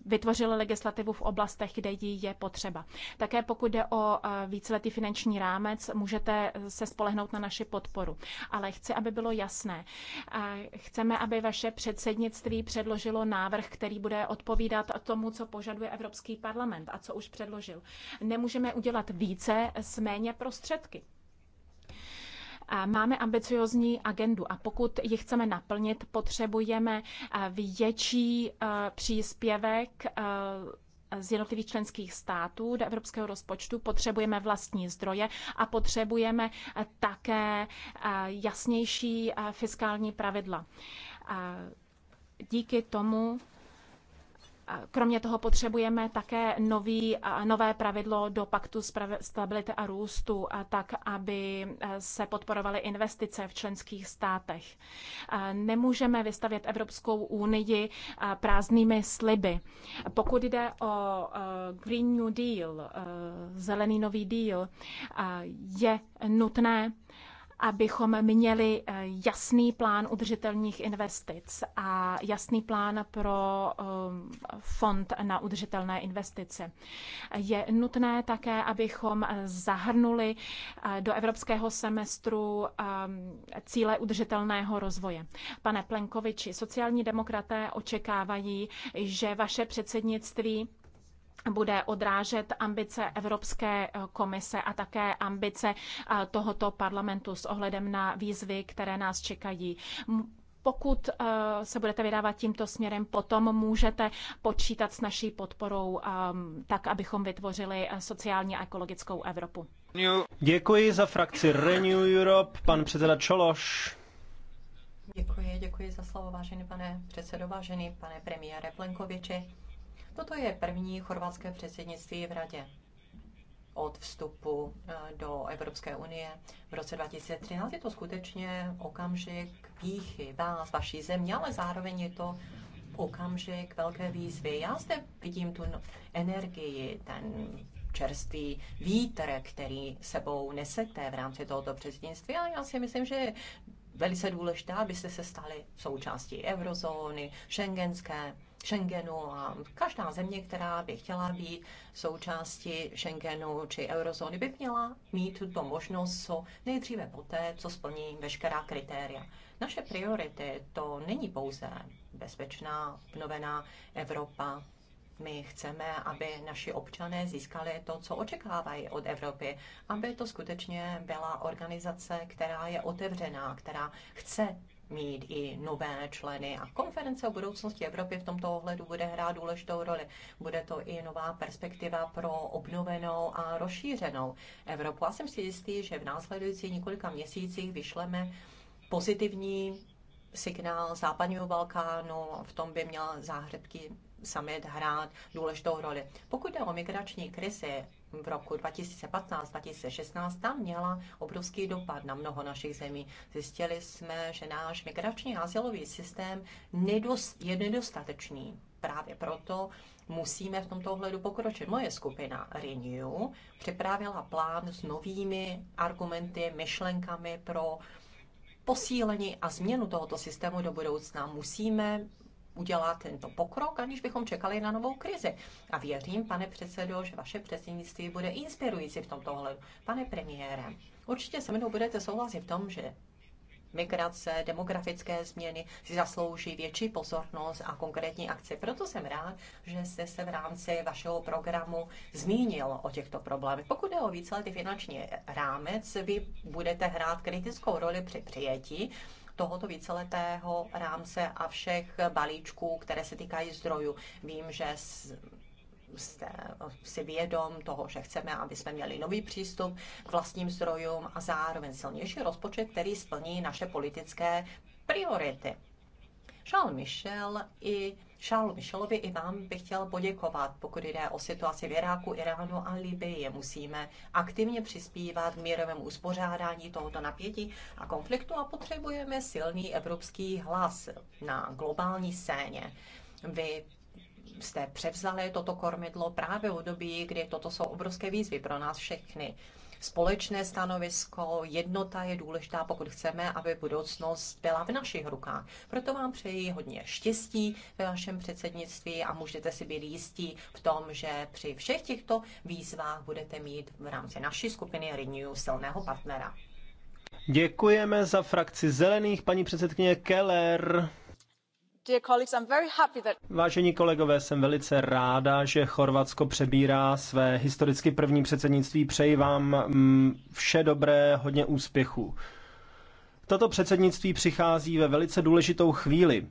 [SPEAKER 3] vytvořili legislativu v oblastech, kde ji je potřeba. Také pokud jde o víceletý finanční rámec, můžete se spolehnout na naši podporu. Ale chci, aby bylo jasné. Chceme, aby vaše předsednictví předložilo návrh, který bude odpovídat tomu, co požaduje Evropský parlament a co už předložil. Nemůžeme udělat více s méně prostředky. Máme ambiciozní agendu a pokud ji chceme naplnit, potřebujeme větší příspěvek z jednotlivých členských států do evropského rozpočtu, potřebujeme vlastní zdroje a potřebujeme také jasnější fiskální pravidla. Díky tomu Kromě toho potřebujeme také nový, nové pravidlo do paktu stability a růstu, tak aby eh, se podporovaly investice v členských státech. Nemůžeme vystavět Evropskou unii eh, prázdnými sliby. Pokud jde o eh, Green New Deal, zelený nový deal, je nutné abychom měli eh, jasný plán udržitelných investic a jasný plán pro eh, fond na udržitelné investice. Je nutné také, abychom eh, zahrnuli do evropského semestru cíle udržitelného rozvoje. Pane Plenkoviči, sociální demokraté očekávají, že vaše předsednictví bude odrážet ambice Evropské eh, komise a také ambice eh, tohoto parlamentu s ohledem na výzvy, které nás čekají. Pokud eh, se budete vydávat tímto směrem, potom můžete počítat s naší podporou tak, abychom vytvořili sociální a ekologickou Evropu.
[SPEAKER 1] Děkuji za frakci Renew Europe, pan předseda Čološ.
[SPEAKER 2] Děkuji, děkuji za slovo, vážený pane předsedo, vážený pane premiére Plenkoviči. Toto je první chorvatské předsednictví v Radě od vstupu eh, do Evropské unie v roce 2013. Je to skutečně okamžik výchy vás, vaší země, ale zároveň je to okamžik velké výzvy. Já zde vidím tu energii, ten čerstvý vítr, který sebou nesete v rámci tohoto předsednictví a já si myslím, že je velice důležité, abyste se stali součástí eurozóny, šengenské Schengenu a každá země, která by chtěla být součástí Schengenu či eurozóny, by měla mít tuto možnost co nejdříve poté, co splní veškerá kritéria. Naše priority to není pouze bezpečná, obnovená Evropa, my chceme, aby naši občané získali to, co očekávají od Evropy, aby to skutečně byla organizace, která je otevřená, která chce mít i nové členy a konference o budoucnosti Evropy v tomto ohledu bude hrát důležitou roli. Bude to i nová perspektiva pro obnovenou a rozšířenou Evropu. A jsem si jistý, že v následujících několika měsících vyšleme pozitivní signál západního Balkánu, v tom by měl záhřebky summit hrát důležitou roli. Pokud jde o migrační krizi, v roku 2015-2016, tam měla obrovský dopad na mnoho našich zemí. Zjistili jsme, že náš migrační azylový systém je nedostatečný. Právě proto musíme v tomto ohledu pokročit. Moje skupina Renew připravila plán s novými argumenty, myšlenkami pro posílení a změnu tohoto systému do budoucna. Musíme udělá tento pokrok, aniž bychom čekali na novou krizi. A věřím, pane předsedo, že vaše předsednictví bude inspirující v tomto ohledu. Pane premiére, určitě se mnou budete souhlasit v tom, že migrace, demografické změny si zaslouží větší pozornost a konkrétní akce. Proto jsem rád, že jste se v rámci vašeho programu zmínil o těchto problémech. Pokud je o víceletý finanční rámec, vy budete hrát kritickou roli při přijetí tohoto víceletého rámce a všech balíčků, které se týkají zdrojů. Vím, že jste si vědom toho, že chceme, aby jsme měli nový přístup k vlastním zdrojům a zároveň silnější rozpočet, který splní naše politické priority. Charles Michel i Charles Michelovi imám bych chtěl poděkovat, pokud jde o situaci v Iráku, Iránu a Libii. Musíme aktivně přispívat k mírovému uspořádání tohoto napětí a konfliktu a potřebujeme silný evropský hlas na globální scéně. Vy jste převzali toto kormidlo právě v období, kdy toto jsou obrovské výzvy pro nás všechny společné stanovisko, jednota je důležitá, pokud chceme, aby budoucnost byla v našich rukách. Proto vám přeji hodně štěstí ve vašem předsednictví a můžete si být jistí v tom, že při všech těchto výzvách budete mít v rámci naší skupiny Renew silného partnera.
[SPEAKER 1] Děkujeme za frakci zelených, paní předsedkyně Keller. Vážení kolegové, jsem velice ráda, že Chorvatsko přebírá své historicky první předsednictví. Přeji vám mm, vše dobré, hodně úspěchů. Toto předsednictví přichází ve velice důležitou chvíli.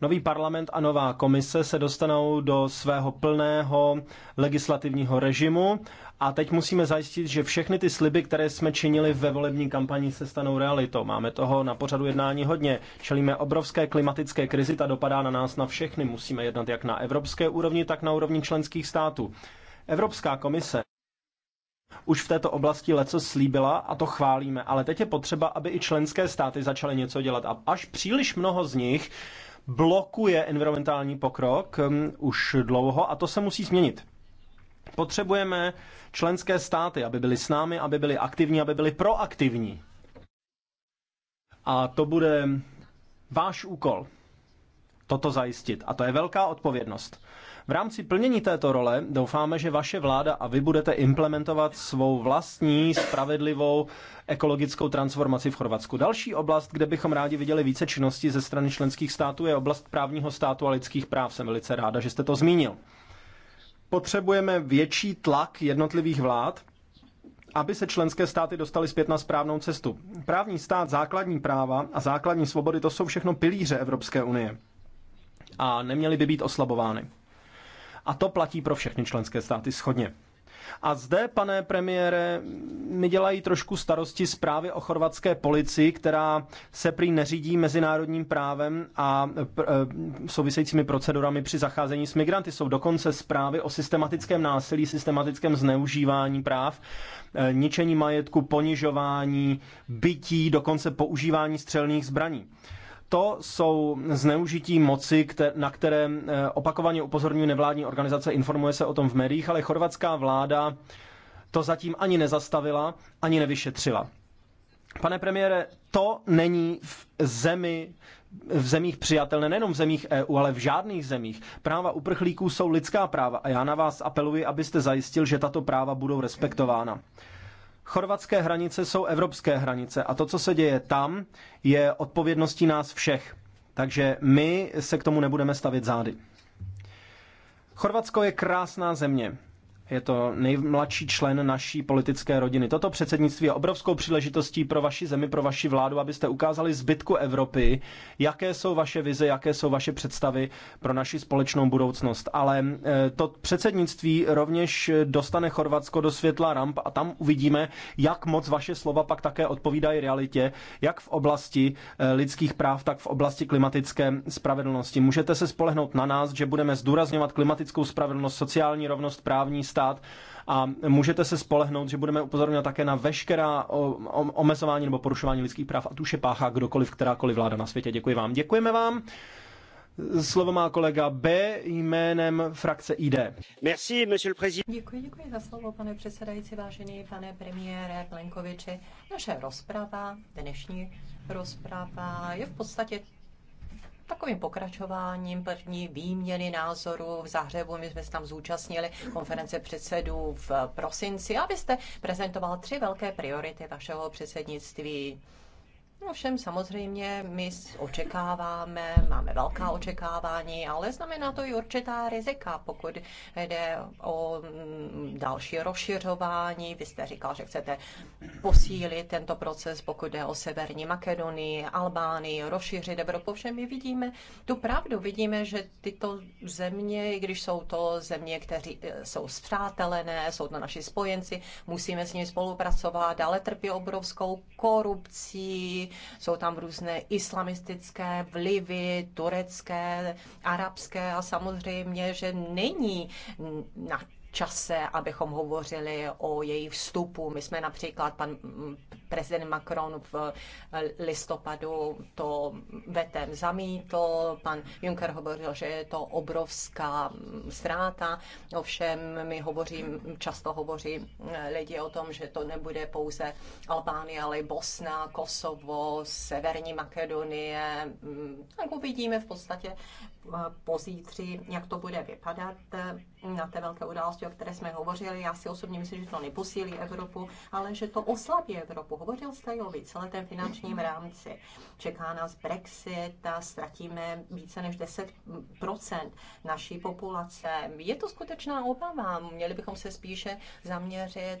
[SPEAKER 1] Nový parlament a nová komise se dostanou do svého plného legislativního režimu a teď musíme zajistit, že všechny ty sliby, které jsme činili ve volební kampani, se stanou realitou. Máme toho na pořadu jednání hodně. Čelíme obrovské klimatické krizi, ta dopadá na nás na všechny. Musíme jednat jak na evropské úrovni, tak na úrovni členských států. Evropská komise už v této oblasti leco slíbila a to chválíme, ale teď je potřeba, aby i členské státy začaly něco dělat. A až příliš mnoho z nich blokuje environmentální pokrok um, už dlouho a to se musí změnit. Potřebujeme členské státy, aby byly s námi, aby byly aktivní, aby byly proaktivní. A to bude váš úkol toto zajistit. A to je velká odpovědnost. V rámci plnění této role doufáme, že vaše vláda a vy budete implementovat svou vlastní spravedlivou ekologickou transformaci v Chorvatsku. Další oblast, kde bychom rádi viděli více činnosti ze strany členských států, je oblast právního státu a lidských práv. Jsem velice ráda, že jste to zmínil. Potřebujeme větší tlak jednotlivých vlád, aby se členské státy dostaly zpět na správnou cestu. Právní stát, základní práva a základní svobody to jsou všechno pilíře Evropské unie a neměly by být oslabovány. A to platí pro všechny členské státy schodně. A zde, pane premiére, mi dělají trošku starosti zprávy o chorvatské policii, která se prý neřídí mezinárodním právem a e, souvisejícími procedurami při zacházení s migranty. Jsou dokonce zprávy o systematickém násilí, systematickém zneužívání práv, e, ničení majetku, ponižování, bytí, dokonce používání střelných zbraní. To jsou zneužití moci, na které eh, opakovaně upozorňují nevládní organizace, informuje se o tom v médiích, ale chorvatská vláda to zatím ani nezastavila, ani nevyšetřila. Pane premiére, to není v zemi, v zemích přijatelné, nejenom v zemích EU, ale v žádných zemích. Práva uprchlíků jsou lidská práva a já na vás apeluji, abyste zajistil, že tato práva budou respektována. Chorvatské hranice jsou evropské hranice a to, co se děje tam, je odpovědností nás všech. Takže my se k tomu nebudeme stavit zády. Chorvatsko je krásná země. Je to nejmladší člen naší politické rodiny. Toto předsednictví je obrovskou příležitostí pro vaši zemi, pro vaši vládu, abyste ukázali zbytku Evropy, jaké jsou vaše vize, jaké jsou vaše představy pro naši společnou budoucnost. Ale eh, to předsednictví rovněž dostane Chorvatsko do světla ramp a tam uvidíme, jak moc vaše slova pak také odpovídají realitě, jak v oblasti eh, lidských práv, tak v oblasti klimatické spravedlnosti. Můžete se spolehnout na nás, že budeme zdůrazňovat klimatickou spravedlnost, sociální rovnost, právní stát a můžete se spolehnout, že budeme upozorňovat také na veškerá omezování nebo porušování lidských práv a tu je páchá kdokoliv, kterákoliv vláda na světě. Děkuji vám. Děkujeme vám. Slovo má kolega B jménem frakce ID. Merci, monsieur le président.
[SPEAKER 2] Děkuji, děkuji za slovo, pane předsedající, vážený pane premiére Plenkoviči. Naše rozprava, dnešní rozprava, je v podstatě takovým pokračováním první výměny názorů v Zahřebu. My jsme se tam zúčastnili konference předsedů v prosinci, abyste prezentoval tři velké priority vašeho předsednictví No všem samozřejmě my očekáváme, máme velká očekávání, ale znamená to i určitá rizika, pokud jde o mm, další rozšiřování. Vy jste říkal, že chcete posílit tento proces, pokud jde o Severní Makedonii, Albánii, rozšířit Evropu. Všem my vidíme tu pravdu, vidíme, že tyto země, i když jsou to země, které eh, jsou zpřátelené, jsou to naši spojenci, musíme s nimi spolupracovat, ale trpí obrovskou korupcí, jsou tam různé islamistické vlivy, turecké, arabské a samozřejmě, že není na čase, abychom hovořili o jejich vstupu. My jsme například, pan prezident Macron v eh, listopadu to vetem zamítl. Pan Juncker hovořil, že je to obrovská mm, ztráta. Ovšem my hovořím, často hovoří eh, lidi o tom, že to nebude pouze Albánie, ale i Bosna, Kosovo, Severní Makedonie. Mm, tak uvidíme v podstatě eh, pozítří, jak to bude vypadat na té velké události, o které jsme hovořili. Já si osobně myslím, že to neposílí Evropu, ale že to oslabí Evropu. Hovořil jste o víceletém finančním rámci. Čeká nás Brexit a ztratíme více než 10 naší populace. Je to skutečná obava. Měli bychom se spíše zaměřit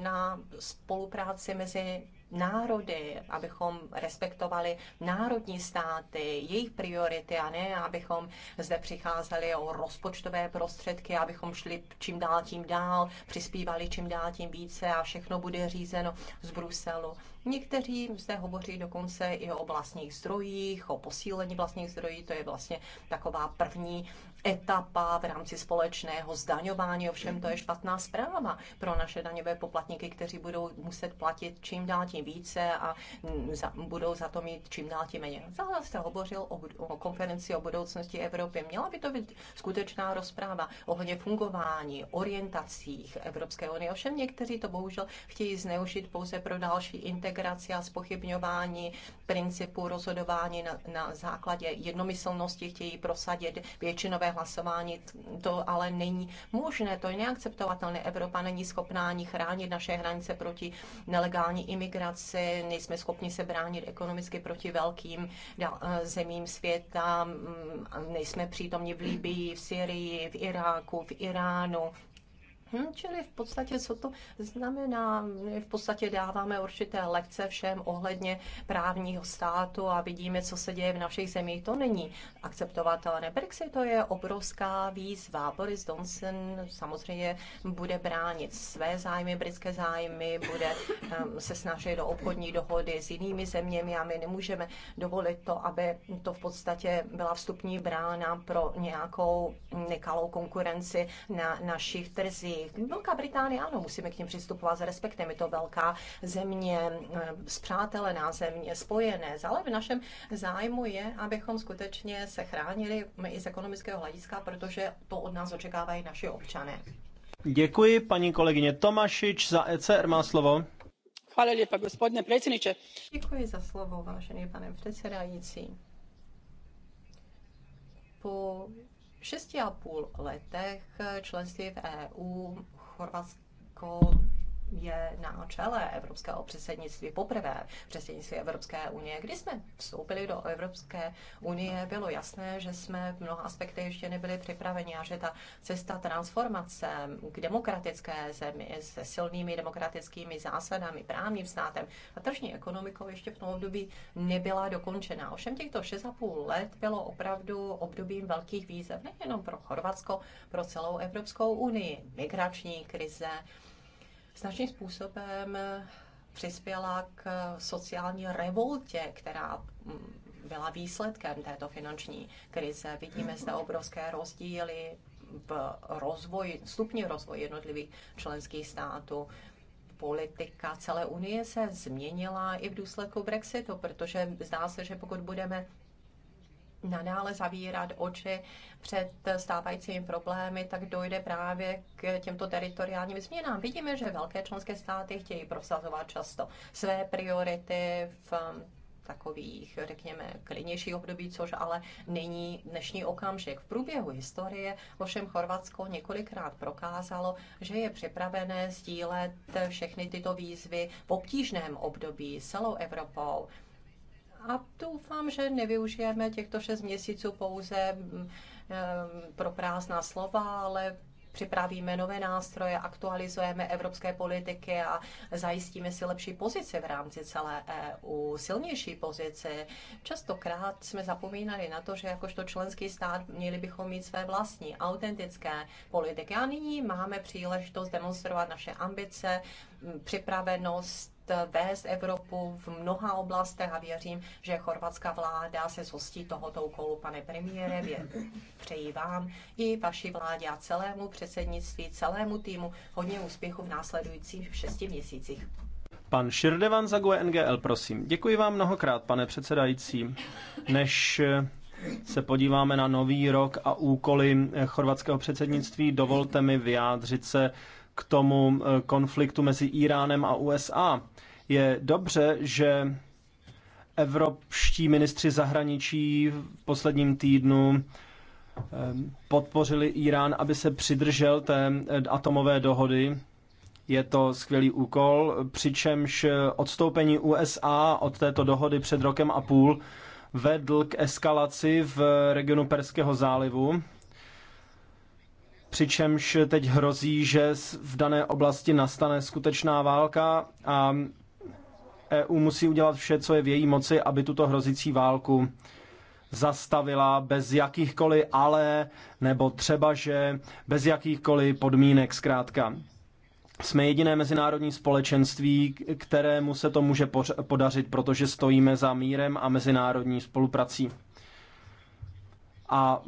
[SPEAKER 2] na spolupráci mezi národy, abychom respektovali národní státy, jejich priority a ne, abychom zde přicházeli o rozpočtové prostředky, abychom šli čím dál tím dál, přispívali čím dál tím více a všechno bude řízeno z Bruselu. Někteří zde hovoří dokonce i o vlastních zdrojích, o posílení vlastních zdrojí, to je vlastně taková první etapa v rámci společného zdaňování, ovšem to je špatná zpráva pro naše daňové poplatníky, kteří budou muset platit čím dál tím více a mm, za, budou za to mít čím dál tím méně. Zále jste hovořil o, o konferenci o budoucnosti Evropy. Měla by to být skutečná rozpráva ohledně fungování, orientacích Evropské unie. Ovšem někteří to bohužel chtějí zneužít pouze pro další integraci integraci a spochybňování principu rozhodování na, na základě jednomyslnosti chtějí prosadit většinové hlasování. To ale není možné, to je neakceptovatelné. Evropa není schopná ani chránit naše hranice proti nelegální imigraci, nejsme schopni se bránit ekonomicky proti velkým eh, zemím světa, mm, nejsme přítomni v Libii, v Syrii, v Iráku, v Iránu, Hm, čili v podstatě, co to znamená? My v podstatě dáváme určité lekce všem ohledně právního státu a vidíme, co se děje v našich zemích. To není akceptovatelné. Brexit to je obrovská výzva. Boris Johnson samozřejmě bude bránit své zájmy, britské zájmy, bude um, se snažit do obchodní dohody s jinými zeměmi a my nemůžeme dovolit to, aby to v podstatě byla vstupní brána pro nějakou nekalou konkurenci na našich trzích Velká Británie, ano, musíme k ním přistupovat s respektem. Je to velká země, zpřátelená eh, země, spojené, ale v našem zájmu je, abychom skutečně se chránili i z ekonomického hlediska, protože to od nás očekávají naši občané.
[SPEAKER 1] Děkuji paní kolegyně Tomašič za ECR má slovo.
[SPEAKER 2] Lijepa, gospodine predsjedniče. Děkuji za slovo, vážený pane předsedající. Po šesti a půl letech členství v EU Chorvatsko je na čele evropského předsednictví poprvé v předsednictví Evropské unie. Když jsme vstoupili do Evropské unie, bylo jasné, že jsme v mnoha aspektech ještě nebyli připraveni a že ta cesta transformace k demokratické zemi se silnými demokratickými zásadami, právním státem a tržní ekonomikou ještě v tom období nebyla dokončena. Ovšem těchto 6,5 let bylo opravdu obdobím velkých výzev, nejenom pro Chorvatsko, pro celou Evropskou unii. Migrační krize, značným způsobem přispěla k sociální revoltě, která mm, byla výsledkem této finanční krize. Vidíme zde obrovské rozdíly v rozvoji, stupni rozvoje jednotlivých členských států. Politika celé Unie se změnila i v důsledku Brexitu, protože zdá se, že pokud budeme nadále zavírat oči před stávajícími problémy, tak dojde právě k těmto teritoriálním změnám. Vidíme, že velké členské státy chtějí prosazovat často své priority v um, takových, řekněme, klidnějších období, což ale není dnešní okamžik. V průběhu historie ovšem Chorvatsko několikrát prokázalo, že je připravené sdílet všechny tyto výzvy v obtížném období s celou Evropou a doufám, že nevyužijeme těchto šest měsíců pouze mm, eh, pro prázdná slova, ale připravíme nové nástroje, aktualizujeme evropské politiky a zajistíme si lepší pozici v rámci celé EU, silnější pozici. Častokrát jsme zapomínali na to, že jakožto členský stát měli bychom mít své vlastní autentické politiky a nyní máme příležitost demonstrovat naše ambice, připravenost vést Evropu v mnoha oblastech a věřím, že chorvatská vláda se zhostí tohoto úkolu, pane premiére. přeji vám i vaší vládě a celému předsednictví, celému týmu hodně úspěchu v následujících šesti měsících.
[SPEAKER 1] Pan Širdevan Zague NGL, prosím. Děkuji vám mnohokrát, pane předsedající. Než eh, se podíváme na nový rok a úkoly eh, chorvatského předsednictví, dovolte mi vyjádřit se k tomu eh, konfliktu mezi Iránem a USA. Je dobře, že evropští ministři zahraničí v posledním týdnu eh, podpořili Irán, aby se přidržel té eh, atomové dohody. Je to skvělý úkol, přičemž odstoupení USA od této dohody před rokem a půl vedl k eskalaci v regionu Perského zálivu přičemž teď hrozí, že v dané oblasti nastane skutečná válka a EU musí udělat vše, co je v její moci, aby tuto hrozící válku zastavila bez jakýchkoliv ale, nebo třeba, že bez jakýchkoliv podmínek zkrátka. Jsme jediné mezinárodní společenství, kterému se to může podařit, protože stojíme za mírem a mezinárodní spoluprací. A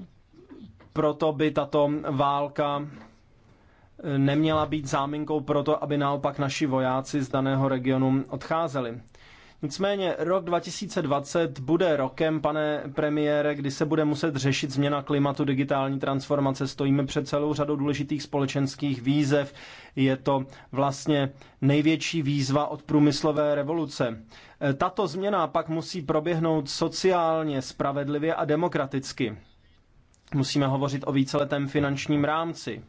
[SPEAKER 1] proto by tato válka neměla být záminkou pro to, aby naopak naši vojáci z daného regionu odcházeli. Nicméně rok 2020 bude rokem, pane premiére, kdy se bude muset řešit změna klimatu, digitální transformace. Stojíme před celou řadou důležitých společenských výzev. Je to vlastně největší výzva od průmyslové revoluce. Tato změna pak musí proběhnout sociálně, spravedlivě a demokraticky. Musíme hovořit o víceletém finančním rámci.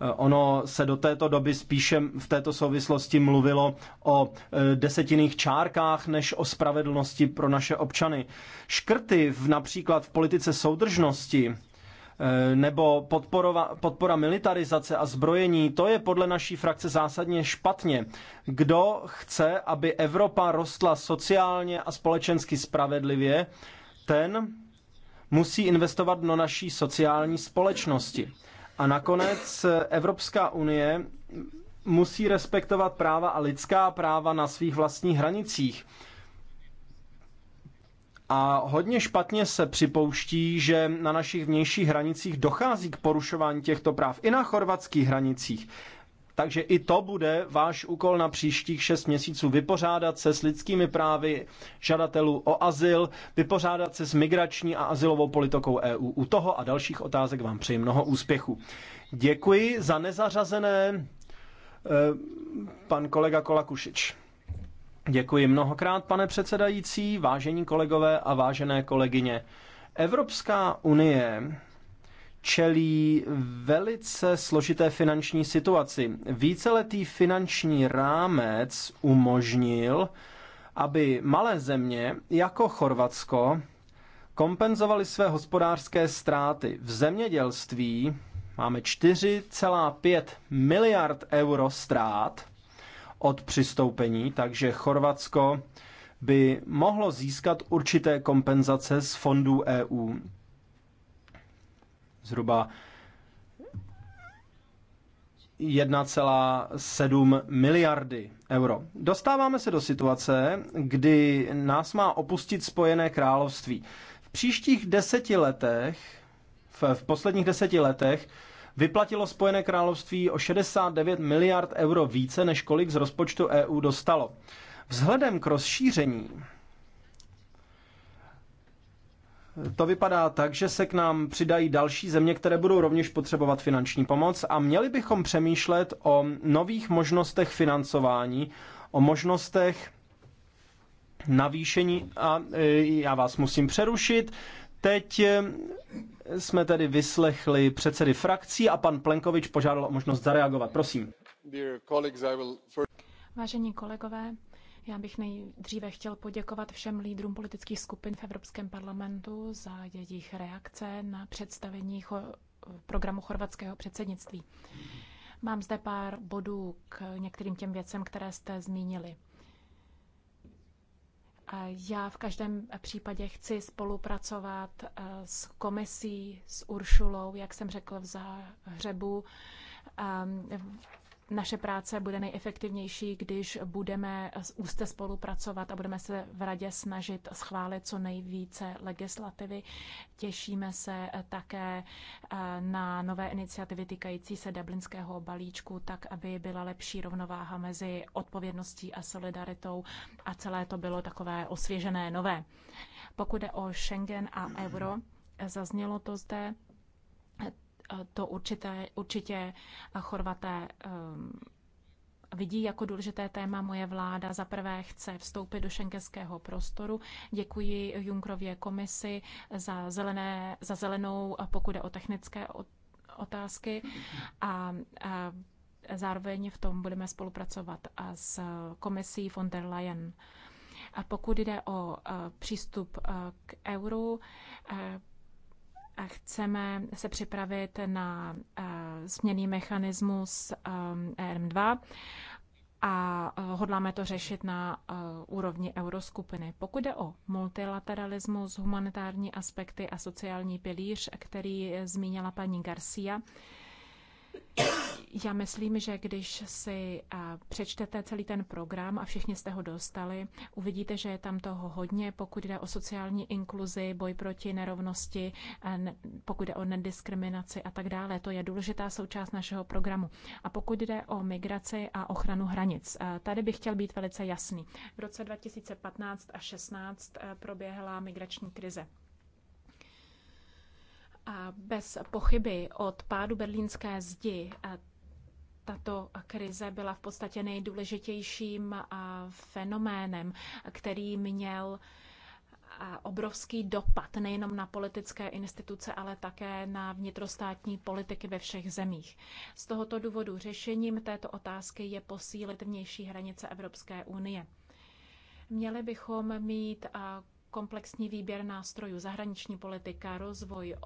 [SPEAKER 1] Eh, ono se do této doby spíše v této souvislosti mluvilo o eh, desetinných čárkách než o spravedlnosti pro naše občany. Škrty v, například v politice soudržnosti eh, nebo podporova, podpora militarizace a zbrojení, to je podle naší frakce zásadně špatně. Kdo chce, aby Evropa rostla sociálně a společensky spravedlivě, ten musí investovat do naší sociální společnosti. A nakonec eh, Evropská unie musí respektovat práva a lidská práva na svých vlastních hranicích. A hodně špatně se připouští, že na našich vnějších hranicích dochází k porušování těchto práv i na chorvatských hranicích. Takže i to bude váš úkol na příštích šest měsíců vypořádat se s lidskými právy žadatelů o azyl, vypořádat se s migrační a azylovou politikou EU. U toho a dalších otázek vám přeji mnoho úspěchu. Děkuji za nezařazené eh, pan kolega Kolakušič. Děkuji mnohokrát, pane předsedající, vážení kolegové a vážené kolegyně. Evropská unie čelí velice složité finanční situaci. Víceletý finanční rámec umožnil, aby malé země jako Chorvatsko kompenzovaly své hospodářské ztráty. V zemědělství máme 4,5 miliard euro ztrát od přistoupení, takže Chorvatsko by mohlo získat určité kompenzace z fondů EU zhruba 1,7 miliardy euro. Dostáváme se do situace, kdy nás má opustit Spojené království. V příštích deseti letech, v, v posledních deseti letech, vyplatilo Spojené království o 69 miliard euro více, než kolik z rozpočtu EU dostalo. Vzhledem k rozšíření to vypadá tak, že se k nám přidají další země, které budou rovněž potřebovat finanční pomoc a měli bychom přemýšlet o nových možnostech financování, o možnostech navýšení a e, já vás musím přerušit. Teď e, jsme tedy vyslechli předsedy frakcí a pan Plenkovič požádal o možnost zareagovat. Prosím.
[SPEAKER 3] Vážení kolegové, já bych nejdříve chtěl poděkovat všem lídrům politických skupin v Evropském parlamentu za jejich reakce na představení programu chorvatského předsednictví. Mám zde pár bodů k některým těm věcem, které jste zmínili. Já v každém případě chci spolupracovat eh, s komisí, s Uršulou, jak jsem řekl v záhřebu. Ehm, naše práce bude nejefektivnější, když budeme úzce spolupracovat a budeme se v radě snažit schválit co nejvíce legislativy. Těšíme se eh, také eh, na nové iniciativy týkající se dublinského balíčku, tak aby byla lepší rovnováha mezi odpovědností a solidaritou a celé to bylo takové osvěžené nové. Pokud jde o Schengen a euro, eh, zaznělo to zde Eh, to určité, určitě eh, Chorvaté ehm, vidí jako důležité téma moje vláda. Za prvé chce vstoupit do šengenského prostoru. Děkuji Junkrově komisi za, zelené, za zelenou, eh, pokud je o technické otázky. A, a zároveň v tom budeme spolupracovat a s komisí von der Leyen. A pokud jde o přístup k euru, chceme se připravit na eh, změný mechanismus eh, e RM2 a eh, hodláme to řešit na úrovni euroskupiny. Pokud jde o multilateralismus, humanitární aspekty a sociální pilíř, který zmínila paní Garcia, já myslím, že když si eh, přečtete celý ten program a všichni jste ho dostali, uvidíte, že je tam toho hodně, pokud jde o sociální inkluzi, boj proti nerovnosti, eh, pokud jde o nediskriminaci a tak dále. To je důležitá součást našeho programu. A pokud jde o migraci a ochranu hranic, eh, tady bych chtěl být velice jasný. V roce 2015 a 16 proběhla migrační krize. A bez pochyby od pádu berlínské zdi tato krize byla v podstatě nejdůležitějším fenoménem, který měl obrovský dopad nejenom na politické instituce, ale také na vnitrostátní politiky ve všech zemích. Z tohoto důvodu řešením této otázky je posílit vnější hranice Evropské unie. Měli bychom mít komplexní výběr nástrojů, zahraniční politika, rozvoj,